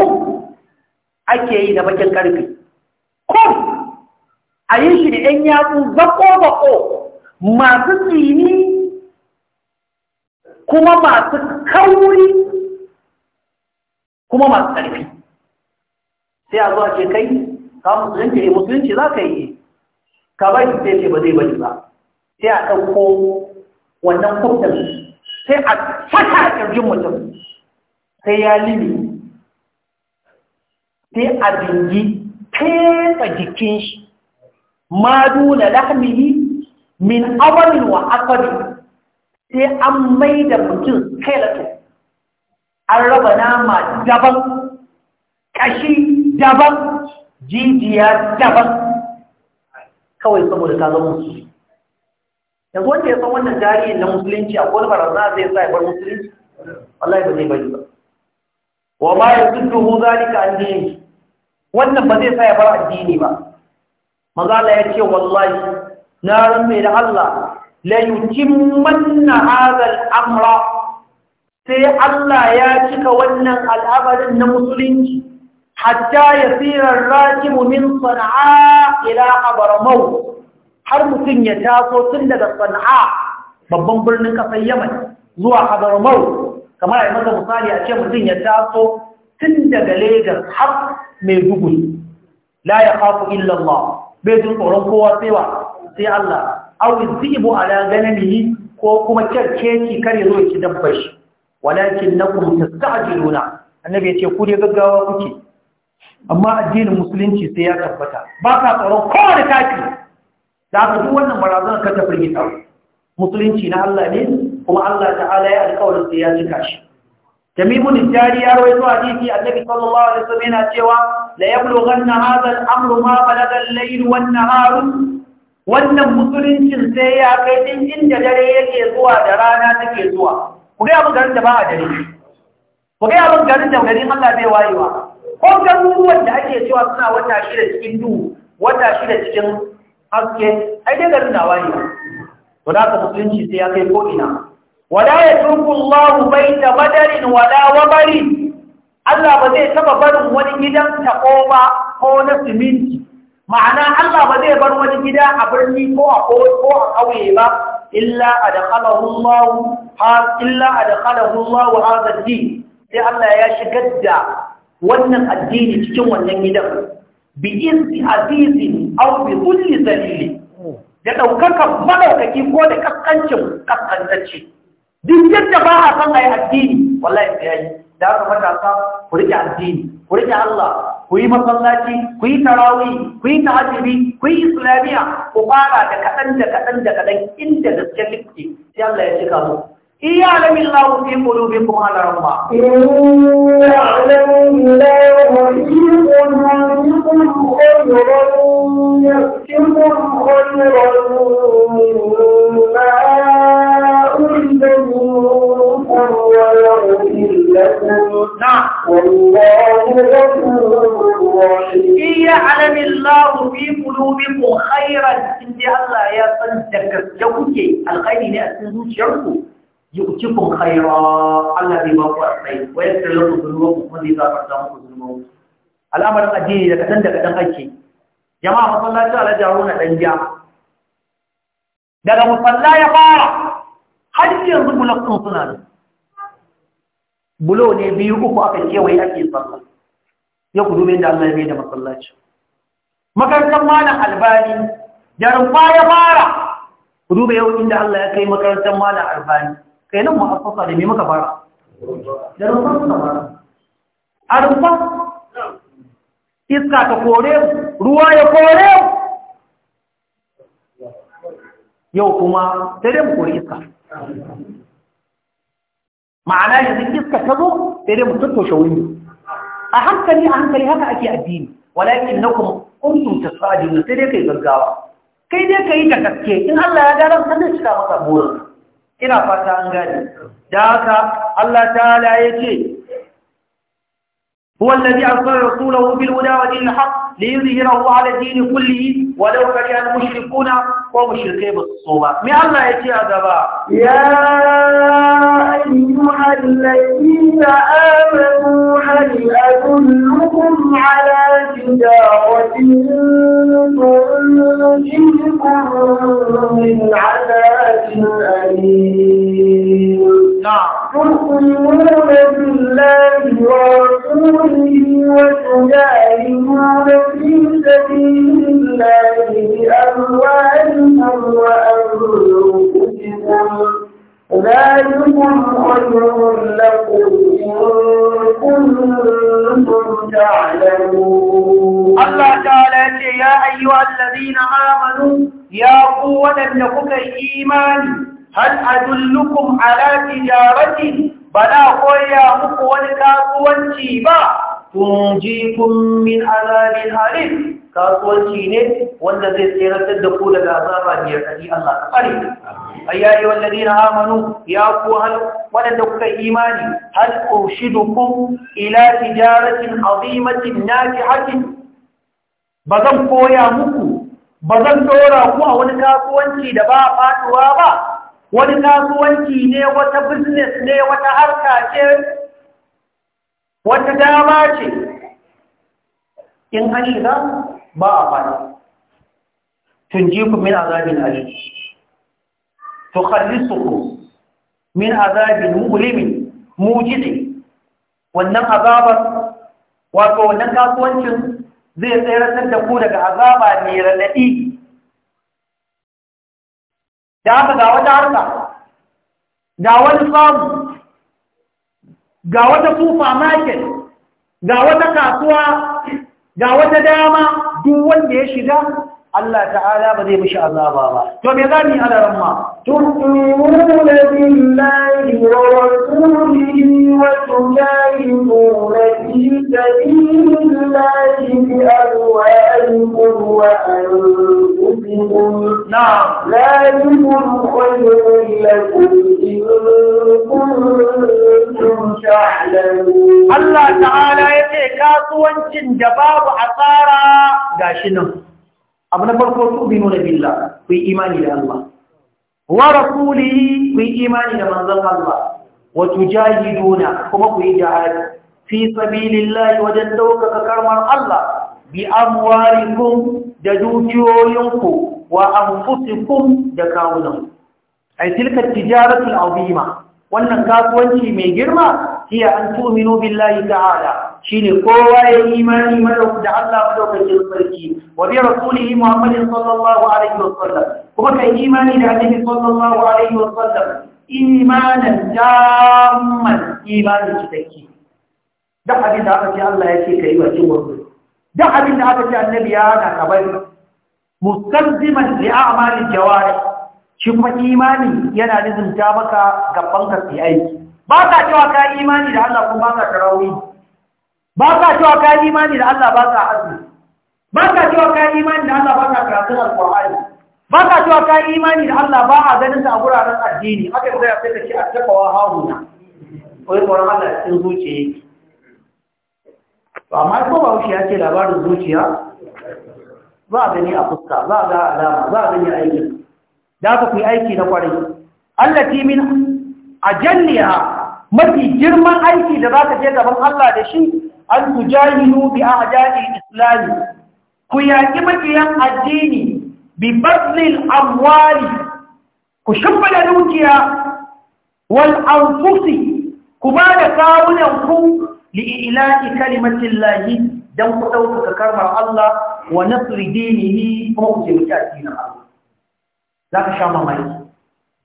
B: ake yi da bakin karfi Ku a yi shi da ɗan yatsu bako-bako masu tsini kuma masu kauri kuma masu ƙarfi sai a zuwa ce kai ka musulunci ne eh, musulunci za ka yi eh. ka bari sai ce ba zai bari ba sai a ɗauko wannan kwamfutan sai a saka a ƙirjin mutum sai ya lili sai a bingi fesa jikin shi ma duna lahmihi min awamin wa asabi sai an mai da mutum skeleton an raba nama daban ƙashi daban jijiya daban kawai saboda ka zama musulmi yanzu wanda ya san wannan tarihin na musulunci a kowane barazana zai sa ya bar musulunci wallahi ba zai bari ba wa ma ya tudduhu zalika an dini wannan ba zai sa ya bar addini ba maza Allah ya ce wallahi na rantsa da Allah la yutimmanna hadha al-amra sai Allah ya cika wannan al'amarin na musulunci hatta ya tsirar rakimu min sana'a ila abarmau har mutum ya taso tun daga sana'a babban birnin kasar yaman zuwa abarmau kamar a masa misali a ce mutum ya taso tun daga Legas har maiduguri la ya kafu illallah bai jin tsoron kowa sai wa sai Allah aw a ala ganamihi ko kuma kar ya zo ki dabbar shi walakin nakum tastajiluna annabi ya ce ku dai gaggawa kuke amma addinin musulunci sai ya tabbata ba ka tsoron kowane kafi da aka duk wannan barazan ka ta firgita musulunci na Allah ne kuma Allah ta'ala ya alƙawarin sai ya cika shi tamimul jari ya rawaito hadisi annabi sallallahu alaihi wasallam yana cewa la yablughanna hadha al-amru ma balaga al-layl wan nahar wannan musuluncin sai ya kai din inda dare yake zuwa da rana take zuwa ku ga abin garin da ba a dare ku ga abin garin da garin Allah bai wayewa ko garuruwan da ake cewa suna wata shida cikin duhu wata shida cikin haske ai dai garin dawa ne to da ka musulunci sai ya kai ko ina wala yatruku Allahu baita badarin wala wabarin Allah ba zai taba barin wani gidan tako ba ko na siminti ma'ana Allah ba zai bar wani gida a birni ko a ko a kauye ba illa adkhalahu Allah ha illa adkhalahu Allah hadha din sai Allah ya shigar da wannan addini cikin wannan gidan bi izi azizin aw bi kulli zalili da ɗaukakar madaukaki ko da kaskancin kaskantacce duk yadda ba a san ayi addini wallahi sai yayi da mata matasa ku rike addini ku rike Allah ku yi masallaci ku yi tarawih ku yi tahajjudi ku yi islamiya ku fara da kaɗan da kaɗan da kaɗan inda gaskiya lifti sai Allah ya cika mu إن يعلم الله في قلوبكم على الله إن
A: يعلم الله في قلوبكم خيرا يأتكم خيرا مما أريد منكم ويغفر نعم والله غفور رحيم إن يعلم الله
B: في قلوبكم خيرا إن الله يصدق جوكي الخير لأسنه شركم يؤتكم خيرا الذي بقى عليه ويغفر لكم ذنوبكم ومن يغفر لكم ذنوبكم al'amarin addini da kadan da kadan ake jama'a masallaci alhaji haruna dan jiya daga musalla ya fara har yanzu bulok sun suna nan bulo ne biyu uku aka kewaye ake sallah ya ku dube da Allah ya mai da masallaci makarantar albani jarumfa ya fara ku yau inda Allah ya kai makarantar malam albani kai nan mu'assasa da mai maka fara da rumfa suna fara a rumfa iska ta kore ruwa ya kore yau kuma sai dai mu kore iska ma'ana zai iska ta zo sai dai mu tattoshe windo a hankali a hankali haka ake addini walakin na kuma kuntun ta sai dai kai gaggawa kai dai kai ta gaske in Allah ya gara sanin shi ta masa burin ina fata an da haka Allah ta'ala ya ce هو الذي أرسل رسوله بالهدى ودين الحق ليظهره على الدين كله ولو كره المشركون ومشركي بالصوبة من الله يتي أدبا يا
A: أيها الذين آمنوا هل أدلكم على تجارة تنجيكم من عذاب أليم نعم تؤمنون بالله ورسوله وتجاهدون في سبيل الله بأموالكم وأنفسكم ذلكم خير لكم إن كنتم تعلمون الله تعالى يا أيها الذين
B: آمنوا يا قوة لكم الإيمان هل أدلكم على تجارة بلا قوية kasuwanci ba tunjikun min azabin halin kasuwanci ne wanda zai tseratar da ku daga azaba mai yakari Allah ka tsare ayyayi wallazi na amanu ya ku hal wadanda kuka imani hal urshidukum ila tijaratin azimatin Ba bazan koya muku bazan dora ku a wani kasuwanci da ba faɗuwa ba wani kasuwanci ne wata business ne wata harka ce wata dama ce in an shiga ba a fara tunjiku min azabin alim ku min azabin mu'limin mujizi wannan azabar wato wannan kasuwancin zai tsayar da ku daga azaba mai raɗaɗi da aka ga wata harka ga wani samu ga wata market, ga wata kasuwa ga wata dama duk wanda ya shiga Allah ta'ala ba zai mishi azaba ba to me zamu yi alaran ma
A: tu'minuna billahi wa rasulihi wa tujahiduna fi sabilillahi bi amwalikum wa anfusikum na'am la yakun khayrun lakum in kuntum ta'lamun Allah ta'ala ya ce kasuwancin da babu asara gashi nan abu na
B: farko su bi nuna ku yi imani da Allah wa rasulihi ku yi imani da manzon Allah wa tujahiduna kuma ku yi jihad fi sabilillahi wajen daukaka karmar Allah bi amwarikum da dukiyoyinku wa anfusikum da kawunanku Ai tilka tijaratu azima wannan kasuwanci mai girma hiya an tu'minu billahi ta'ala shine kowa ya yi imani da Allah madaukakin sarki wa bi rasulihi Muhammadin sallallahu alaihi wasallam kuma kai imani da annabi sallallahu alaihi wasallam imanan tamman imanin cikakke duk abin da aka ce Allah ya ce kai wa cin wasu duk abin da aka ce annabi ya na kabar mustalziman li a'malil jawari shi kuma imani yana nizumta maka gaban ka sai aiki ba ka cewa ka imani da Allah kuma ba ka tarawih ba ka cewa ka yi imani da Allah ba ka azumi ba ka cewa ka yi imani da Allah ba ka karatun alƙur'ani ba ka cewa ka yi imani da Allah ba a ganin sa a guraren addini Haka zai sai ka shi a tabawa haruna wai tsoron Allah cikin zuciya yake to amma ko ba wuce ya ce labarin zuciya za a gani a fuska za a ga alama za a gani a da aka ku yi aiki na kwarai Allah min ajalliya mafi girman aiki da za ka je gaban Allah da shi an tujahilu bi a'da'i islam ku yaki makiyan addini bi bazlil amwali ku shimbala dukiya wal anfusi ku ba da kawunan ku li ilahi kalimatin lahi dan ku ɗaukaka karmar Allah wa nasri dinihi kuma ku taimaki addinin Allah za ka sha mamaki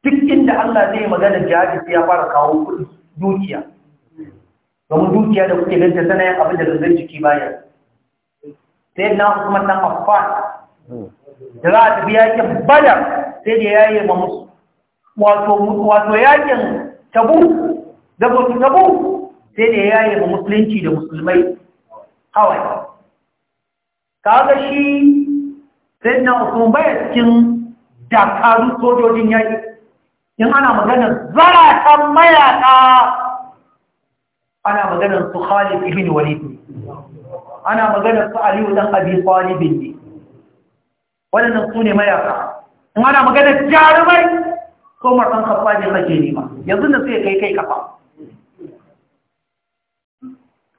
B: duk inda Allah zai magana jihadi sai ya fara kawo kuɗi dukiya domin dukiya da kuke ganta tana yin abin da zai jiki baya sai na kuma na affan da za a tafi yakin bada sai da yi ma musu wato yakin tabu zagotu tabu sai da ya yi ma musulunci da musulmai kawai kaga shi sai na usman baya cikin dakarun sojojin yaki in ana zara zaratan mayaka ana maganar su Khalid ibn Walid ne ana maganar su Aliyu dan Abi Talib ne wannan su ne mayaka in ana maganar jarumai ko martan kafa ne kake nema yanzu ne sai kai kai kafa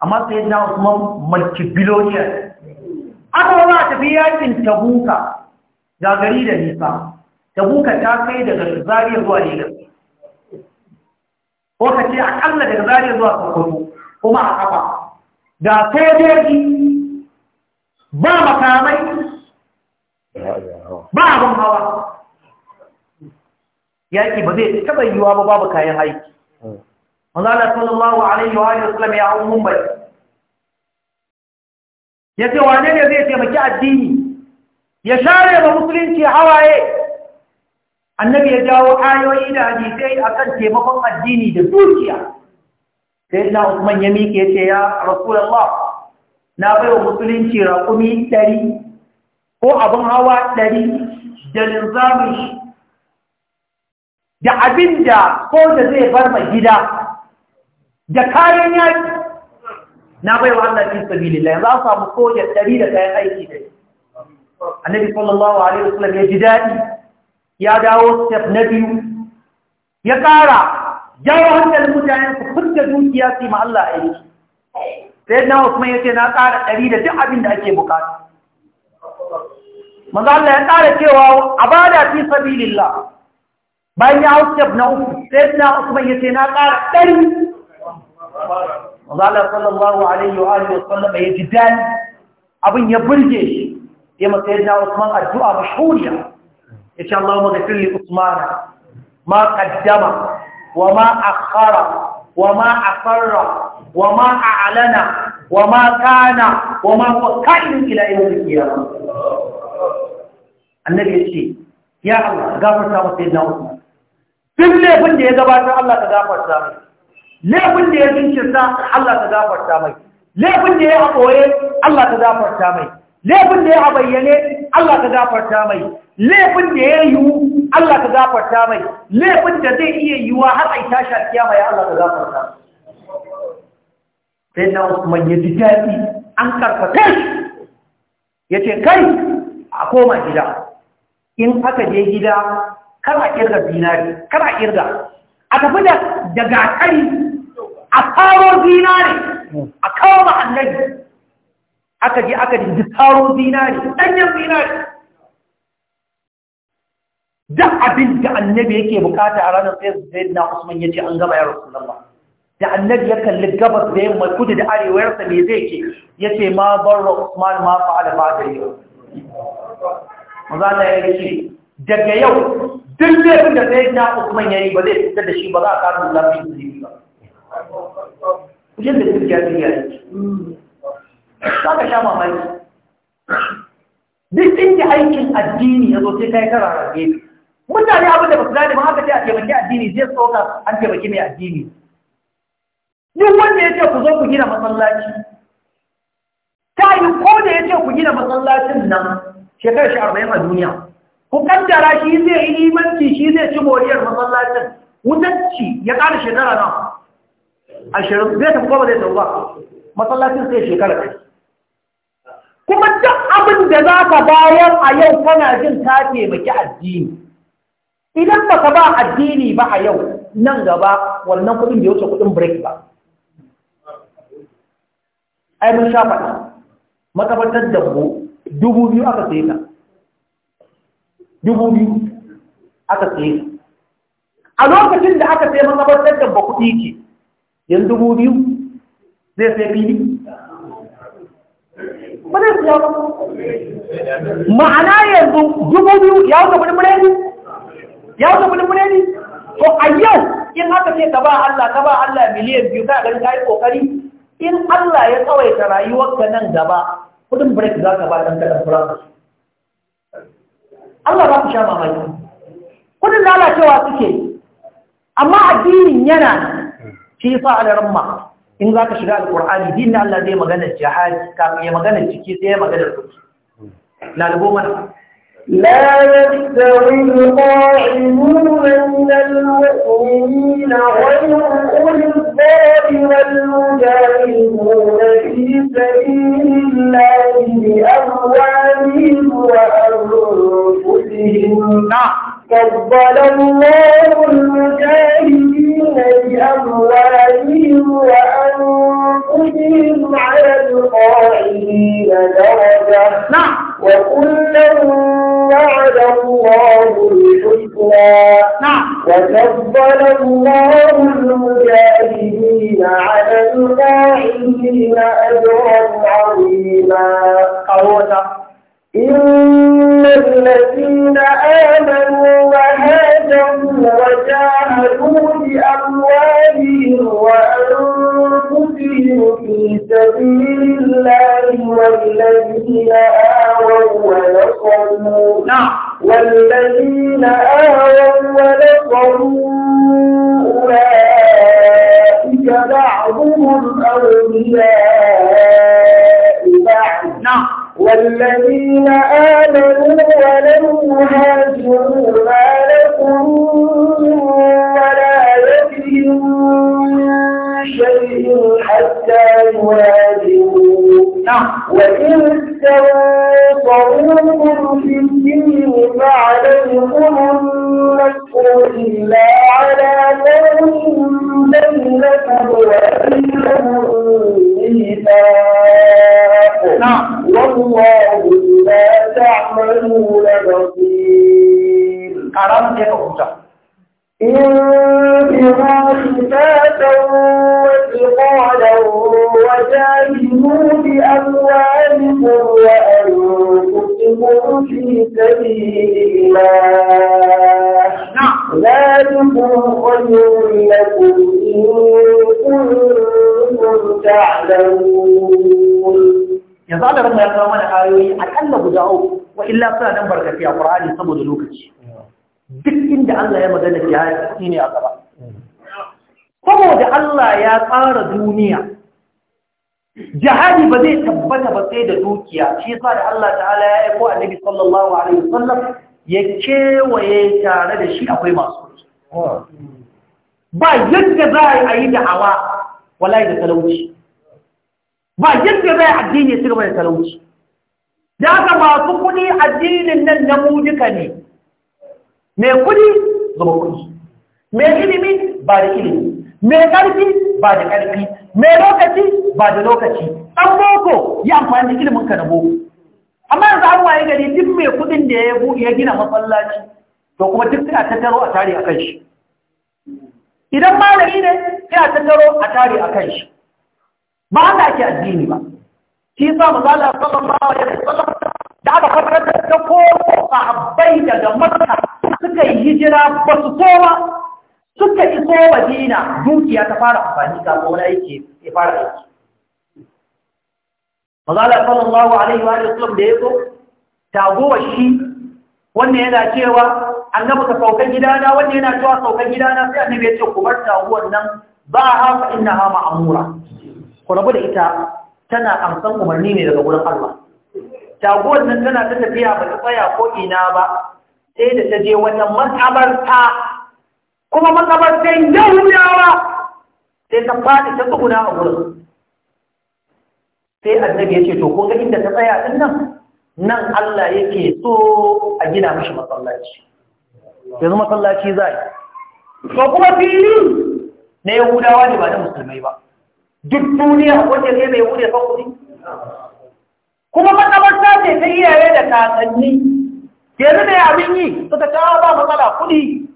B: amma sai da Usman mulki biloniya aka ba ta bi yakin Tabuka da gari da nisa Tabuka ta kai daga Zariya zuwa Lagos ko ka ce akalla daga zariya zuwa sokoto kuma a kafa da sojoji ba makamai ba abin hawa yaƙi ba zai taɓa yiwuwa ba babu kayan aiki ala sallallahu alaihi wa sallam ya hau mumbai ya ce wane ne zai taimaki addini ya share ba musulunci hawaye annabi ya jawo ayoyi da hadisai akan taimakon addini da dukiya sai na Usman ya miƙe ya ce ya Rasulullah na baiwa musulunci raƙumi ɗari ko abin hawa ɗari da linzamin shi da abin da ko da zai bar ma gida da kayan yaki na baiwa Allah fi sabilillah yanzu an samu ko da ɗari da kayan aiki da annabi sallallahu alaihi wasallam ya ji daɗi ya dawo step na biyu ya ƙara yawon hankalin mutane su furta dukiya su ma Allah aiki sai na wasu ya ce na ƙara ɗari da duk abin da ake bukata maza Allah ya ƙara cewa a da fi sabilillah bayan ya hau step na uku sai na wasu ya ce na ƙara ɗari maza Allah sallallahu alaihi wa alihi wa sallam ya ji dani abin ya burge shi ya na yadda Usman addu'a mashhuriya ya ce Allah magafin li Usmana ma kaddama wa ma akhara wa ma afarra wa ma a'lana wa ma kana wa ma fakarin ila yawon kiyama annabi ya ce ya Allah gafarta masa yadda Usman duk laifin da ya gabatar Allah ka gafarta mai laifin da ya jinkirta Allah ka gafarta mai laifin da ya haɓoye Allah ka gafarta mai laifin da ya bayyane Allah ka gafarta mai laifin da ya yiwu, Allah ka gafarta mai laifin da zai iya yiwuwa har a tashi a kiyama ya Allah ka gafarta sai na Usman ya ji daɗi an karfata shi ya ce kai a koma gida in aka je gida kar a kirga zinari kar a kirga a tafi da daga kai a karo zinari a kawo ma'annari aka je aka dinji karo zinari ɗanyen zinari duk abin da annabi yake bukata a ranar sai sayyidina Usman yace an gama ya Rasulullah da annabi ya kalli gabas da yamma kudu da arewa yarsa me zai ke, yace ma barra Usman ma fa'ala ba da yau manzo ya ce daga yau duk laifin da sayyidina Usman yayi ba zai fitar da shi ba za a karu lafiya musulmi ba kujin da suke ya yi. za ka sha mamaki duk inda aikin addini ya zo sai kai kara gefe mutane abin da ba su gane ba haka ce a taimaki addini zai tsoka an taimaki mai addini duk wanda ya ce ku zo ku gina masallaci ta yi ko da ya ce ku gina masallacin nan shekarar shi arba'in a duniya ku kaddara shi zai yi limanci shi zai ci moriyar masallacin wutanci ya ƙara shekara na ashirin zai tafi kuma zai tafi ba masallacin sai shekara ɗari kuma duk abin da za ka bayar a yau kana jin ta taimaki addini idan ba ka ba addini ba a yau nan gaba wannan kudin da yauce wuce kudin break ba ai mun sha faɗa makabatar dambo dubu biyu aka sai ta dubu biyu aka sai ta a lokacin da aka sai makabatar dambo kuɗi ce yanzu dubu biyu zai sai fili ma'ana yanzu dubu biyu ya wuce kudin break ya zo bulbule ne to a yau in haka ce ka ba Allah ka ba Allah miliyan biyu ka ga kai kokari in Allah ya rayuwar ka nan gaba kudin break za ka ba dan kadan fura Allah ba ku sha mamaki kudin lalacewa suke amma addinin yana shi yasa alaramma in za ka shiga alkur'ani din da Allah zai magana jihadi kafin ya magana ciki sai ya magana ruki lalubo mana
A: لا يستوي القائمون من المؤمنين غير أولي الضرر والمجاهدون في سبيل الله بأموالهم وأنفسهم نعم. فضل الله المجاهدين بأموالهم وأنفسهم على القائمين درجة نعم وكلا وعد الله الحسنى نعم وفضل الله المجاهدين على القاعدين أجرا عظيما إن الذين آمنوا وهاجروا وجاهدوا بأموالهم وأنفسهم في سبيل الله والذين آووا ونصروا نعم والذين آووا ونصروا أولئك بعضهم أولياء بعض نعم والذين آمنوا ولم يهاجروا ما لكم شيء حتى يهاجروا نعم وإن استنصروكم في الدين فعليكم النصر إلا على قوم بينكم وبينهم ميثاق نعم والله بما تعملون بصير. أرام كيف انفروا خفافا وثقالا وجاهدوا بأموالكم وأنفسكم في سبيل الله ذلكم خير لكم إن كنتم تعلمون
B: yanzu Allah ya kawo mana ayoyi akalla guda uku wa illa suna nan barkati a Qur'ani saboda lokaci duk inda Allah ya magana jihadi shine a gaba saboda Allah ya tsara duniya jihadi ba zai tabbata ba sai da dukiya shi yasa da Allah ta'ala ya aiko annabi sallallahu alaihi wasallam ya kewaye tare da shi akwai masu ba yadda za a yi da'awa wallahi da talauci ba yadda zai addini ya cigaba da talauci da haka masu kuɗi addinin nan na ne mai kudi zuba kudi mai ilimi ba da ilimi mai ƙarfi ba da ƙarfi mai lokaci ba da lokaci An boko yi amfani da ilimin ka na boko amma yanzu an waye gari duk mai kudin da ya ya gina masallaci to kuma duk suna tattaro a tare a kan shi idan malami ne suna tattaro a tare a kan shi ba haka ake addini ba shi sa mazala sallallahu alaihi wasallam da aka farkar da ko sahabbai daga makka suka yi hijira ba su koma suka iso madina dukiya ta fara amfani ga gona yake ya fara aiki mazala sallallahu alaihi wa sallam da yazo tagowa shi wannan yana cewa annabi ka sauka gidana wannan yana cewa sauka gidana sai annabi ya ce ku bar taguwar nan ba ha fa innaha ma'mura ku rabu da ita tana amsan umarni ne daga wurin Allah taguwar nan tana ta tafiya ba ta tsaya ko ina ba sai da ta je wata makabarta kuma makabartar yahudawa sai ta faɗi ta tsuguna a wurin sai annabi ya ce to kun ga inda ta tsaya din nan nan Allah yake so a gina mishi masallaci yanzu masallaci za yi to kuma fili na yahudawa ne ba na musulmai ba duk duniya wajen ne mai yahudawa kuɗi kuma makabarta ce ta iyaye da kakanni yanzu ya abin yi suka ta ba matsala kudi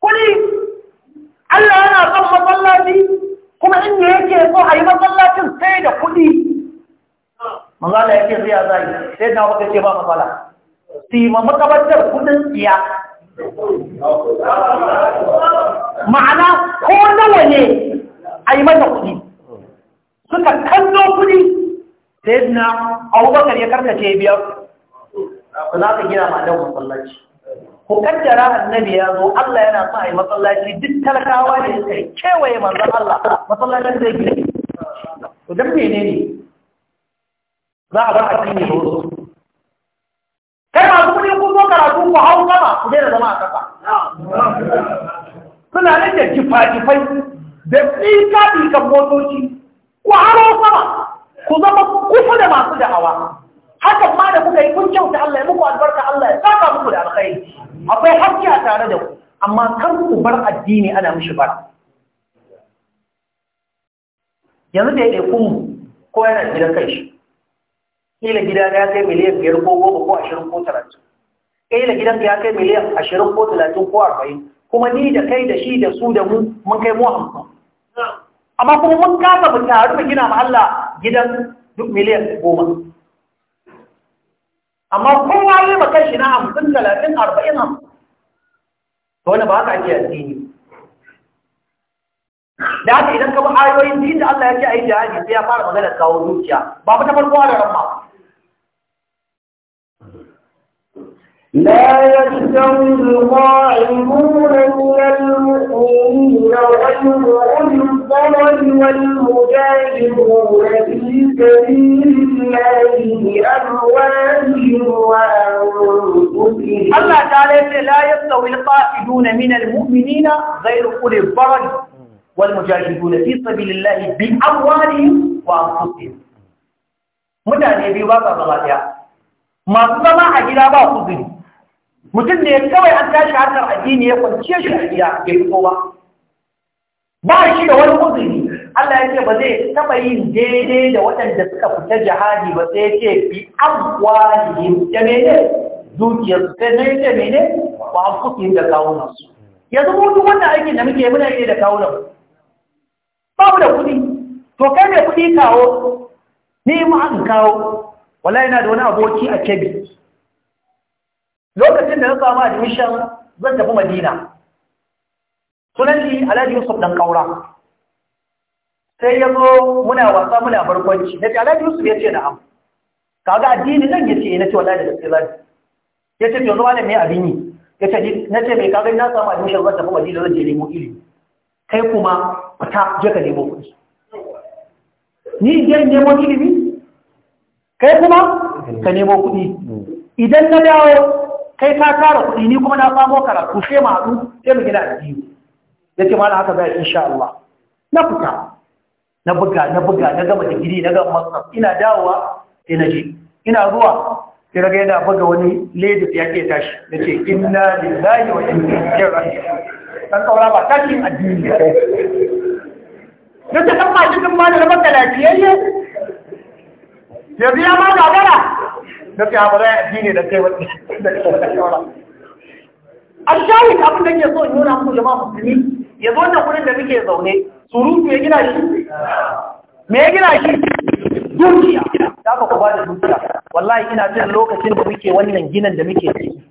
B: kuɗi Allah yana son masallaci kuma inda yake so a yi masallacin sai da kuɗi manzala yake zai a zai sai na wata ce ba matsala sima makabartar kudin tsiya
C: ma'ana ko nawa ne
B: a yi mata kuɗi suka kallo kuɗi sai abubakar ya karkace biyar za ka gina ma nan masallaci ko kaddara annabi ya zo Allah yana sa a yi masallaci duk talakawa ne suka kewaye manzan Allah masallacin zai gina to dan mene ne za a bar addini ne zo
A: kai ma ku ne kun zo karatu ku hau sama ku daina zama a kasa suna nan da
B: jifa-jifai da tsika-tsikan motoci ku haro sama ku zama kusa da masu da'awa hakan ma da kuka yi kun kyauta Allah ya muku albarka Allah ya saka muku da alkhairi akwai haƙƙi a tare da ku amma kan ku bar addini ana mishi bara yanzu da ya kun ko yana gida kai shi kila gida ya kai miliyan biyar ko goma ko ashirin ko talatin kila gidan ya kai miliyan ashirin ko talatin ko arba'in kuma ni da kai da shi da su da mu mun kai mu hamsin amma kuma mun kasa mu taru mu gina ma Allah gidan duk miliyan goma amma kowa yi kai shi na hamsin talatin arba'in hamsin to wani ba haka ake addini da haka idan ka bi ayoyin din da Allah ya ce a yi jihadi sai ya fara magana kawo zuciya,
A: ba ta farko a da ramma لا يستوي القائمون من المؤمنين غير أولي الضرر والمجاهدون في سبيل الله بأموالهم
B: وأنفسهم الله تعالى لا يستوي القائمون من المؤمنين غير أولي الضرر والمجاهدون في سبيل الله بأموالهم وأنفسهم متى نبي بابا بغادية ما تسمع أجل أبا mutum ne kawai an tashi harkar addini ya kwanciya shi a gida bai fito ba ba shi da wani uzuri Allah ya ce ba zai taɓa yin daidai da waɗanda suka fita jihadi ba sai ce bi amwalihim da mene dukiyar su sai zai ce mene ba an kuɗi da kawunan yanzu mu duk wannan aikin da muke muna yi da kawunan ba mu da kuɗi to kai ne kuɗi kawo ni ma an kawo wallahi yana da wani aboki a kebi lokacin da na samu admission zan tafi madina sunan shi alhaji yusuf dan kaura sai ya zo muna wasa muna barkwanci na ce alhaji yusuf ya ce Ka kaga addini nan ya ce eh, na ce wallahi da gaske zai ya ce yanzu ba ne mai abin yi ya ce na ce mai kaga na samu admission zan tafi madina zan je nemo ilimi kai kuma fita je ka nemo kuɗi ni je nemo ilimi kai kuma ka nemo kuɗi idan na dawo kai ta tara kuɗi ni kuma na samo karatu sai mu haɗu sai mu gina addini ya ce mana haka zai insha Allah na fita na buga na buga na gama digiri na gama master ina dawowa sai na je ina zuwa sai daga yana buga wani ladies ya ke tashi na ce inna lillahi wa inna ilaihi raji'un dan saura ba tashin addini
A: da ta kan ma cikin ma da rabar da lafiyayye yanzu ya ma gagara na ce ba za a ne da kai wani
B: an shawin abin da ke so in nuna muku jama'a musulmi ya zo wannan wurin da muke zaune surutu ya gina shi me ya gina shi dukiya za ka kuma da dukiya wallahi ina jin lokacin da muke wannan ginin da muke ciki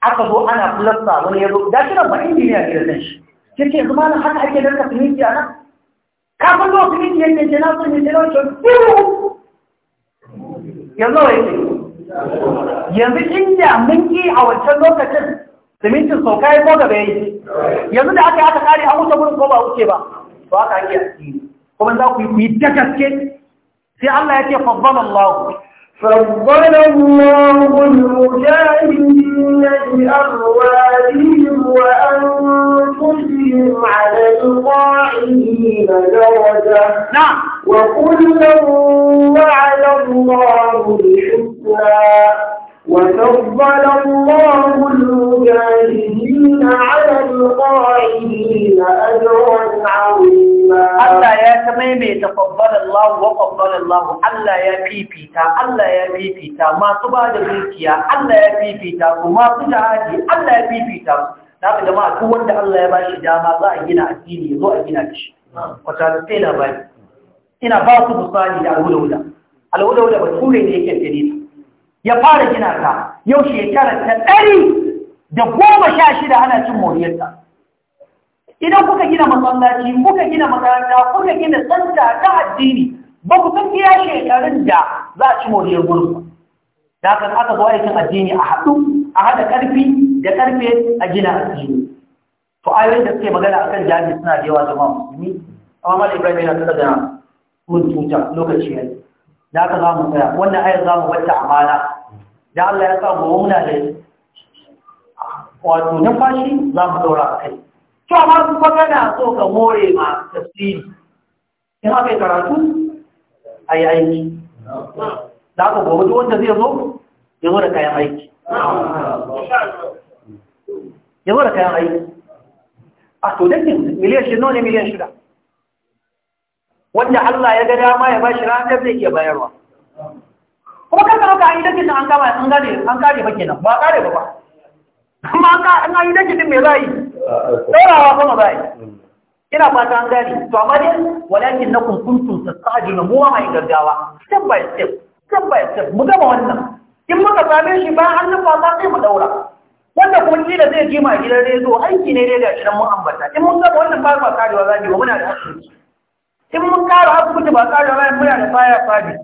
B: aka zo ana fulasta wani ya zo da ba injiniya ne da shi
A: kirke kuma na haka
B: ake danka siminti a nan kafin zo siminti yake ce na so ne talaucin yanzu wa yake yanzu inda mun ki a wancan lokacin simintin sauka ya koga bai yi yanzu da aka aka kare an wuce wurin ko ba wuce ba ba ka yi ciki kuma za ku yi ku yi ta gaske sai Allah ya
A: ce fabban Allah فضل الله المجاهدين بأموالهم وأنفسهم على القاعدين درجة نعم وكلا وعد الله الحسنى وفضل الله المجاهدين على القائلين أجرا عظيما الله
B: يا تميمي تفضل الله وفضل الله الله يا بيبيتا الله يا بيبيتا ما تبعد ملكيا الله يا بيبيتا وما تجاهدي الله يا بيبيتا Daga jama'a duk wanda Allah ya bashi dama za a gina addini zo a gina shi. Wata sai labari. ina ba su misali da alwuda-wuda alwuda-wuda ba ture ne yake fere ya fara gina ta yau shekara ta ɗari da goma sha shida ana cin moriyarta idan kuka gina masallaci kuka gina makaranta kuka gina tsanta ta addini ba ku san iya shekarun da za a ci moriyar gurin da kan aka zo aikin addini a haɗu a haɗa ƙarfi da ƙarfe a gina addini to ayoyin da suke magana akan jami'i suna da yawa jama'a musulmi amma malam ibrahim yana tsada mun lokaci ne da aka za mu tsaya wannan ayar za mu amana da Allah ya sa gobe muna da wato fashi za mu ɗora a kai to amma su fa kana so ka more ma tafsiri in aka yi karatu a yi aiki da aka gobe duk wanda zai zo ya zo da kayan aiki ya zo da kayan aiki a to dakin miliyan shida ne miliyan shida wanda Allah ya ga dama ya bashi ranar zai iya bayarwa kuma kan ka an yi dakitin an kama an gane an kare ba kenan ba kare ba ba amma an an yi dakitin mai zai tsorawa kuma zai ina fata an gane to amma dai walakin na ta tasajuna na ma mai gaggawa step by step step by step mu gama wannan in muka same shi bayan an nufa sai mu daura wanda kuma da zai jima gidan rezo aiki ne dai ga shi mu ambata in mun gama wannan ba ba karewa ba muna da asibiti in mun kara asibiti ba karewa muna da fire service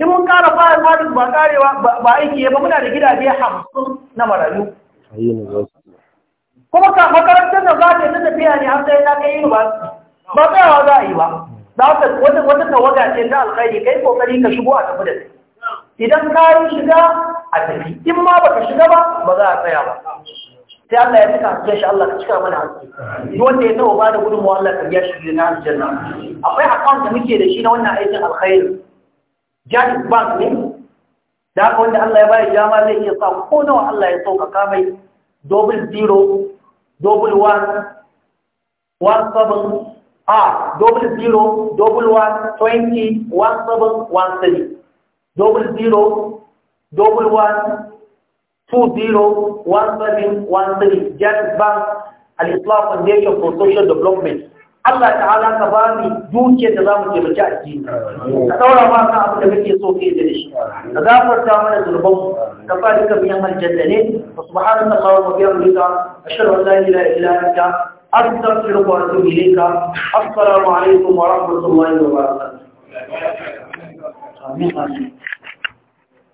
B: in mun kara fire service ba karewa ba aiki ba muna da gidaje hamsin na marayu kuma ka makarantar da za ta yi tafiya ne har sai na kai university ba tsayawa za a yi ba za ka wata wata tawaga ce ta alkhairi kai kokari ka shigo a tafi da idan ka yi shiga a tafi in ma baka shiga ba ba za a tsaya ba sai Allah ya saka hasken shi Allah ka cika mana haske duk wanda ya taɓa bada gudunmawa Allah ka biya shi na aljanna akwai account da muke da shi na wannan aikin alkhairi Jaiz Bank ne da haka wanda Allah ya bayar dama zai iya sa ko nawa Allah ya sauƙaƙa mai double zero double one one seven a ah, double zero double one twenty one seven one three double zero double one 201713 Janet Bank Al-Islam Foundation for Social Development Allah ta'ala ka ba mu dukiyar da za mu taimaki jini. ka daura ma kan abin da kake so kai da shi ka gafarta mana zurban mu ka sa duka biyan aljanna ne wa subhanaka allahumma wa bihamdika gida an la ilaha illa anta astaghfiruka wa atubu ilayka fara alaikum wa rahmatullahi wa
C: barakatuh amin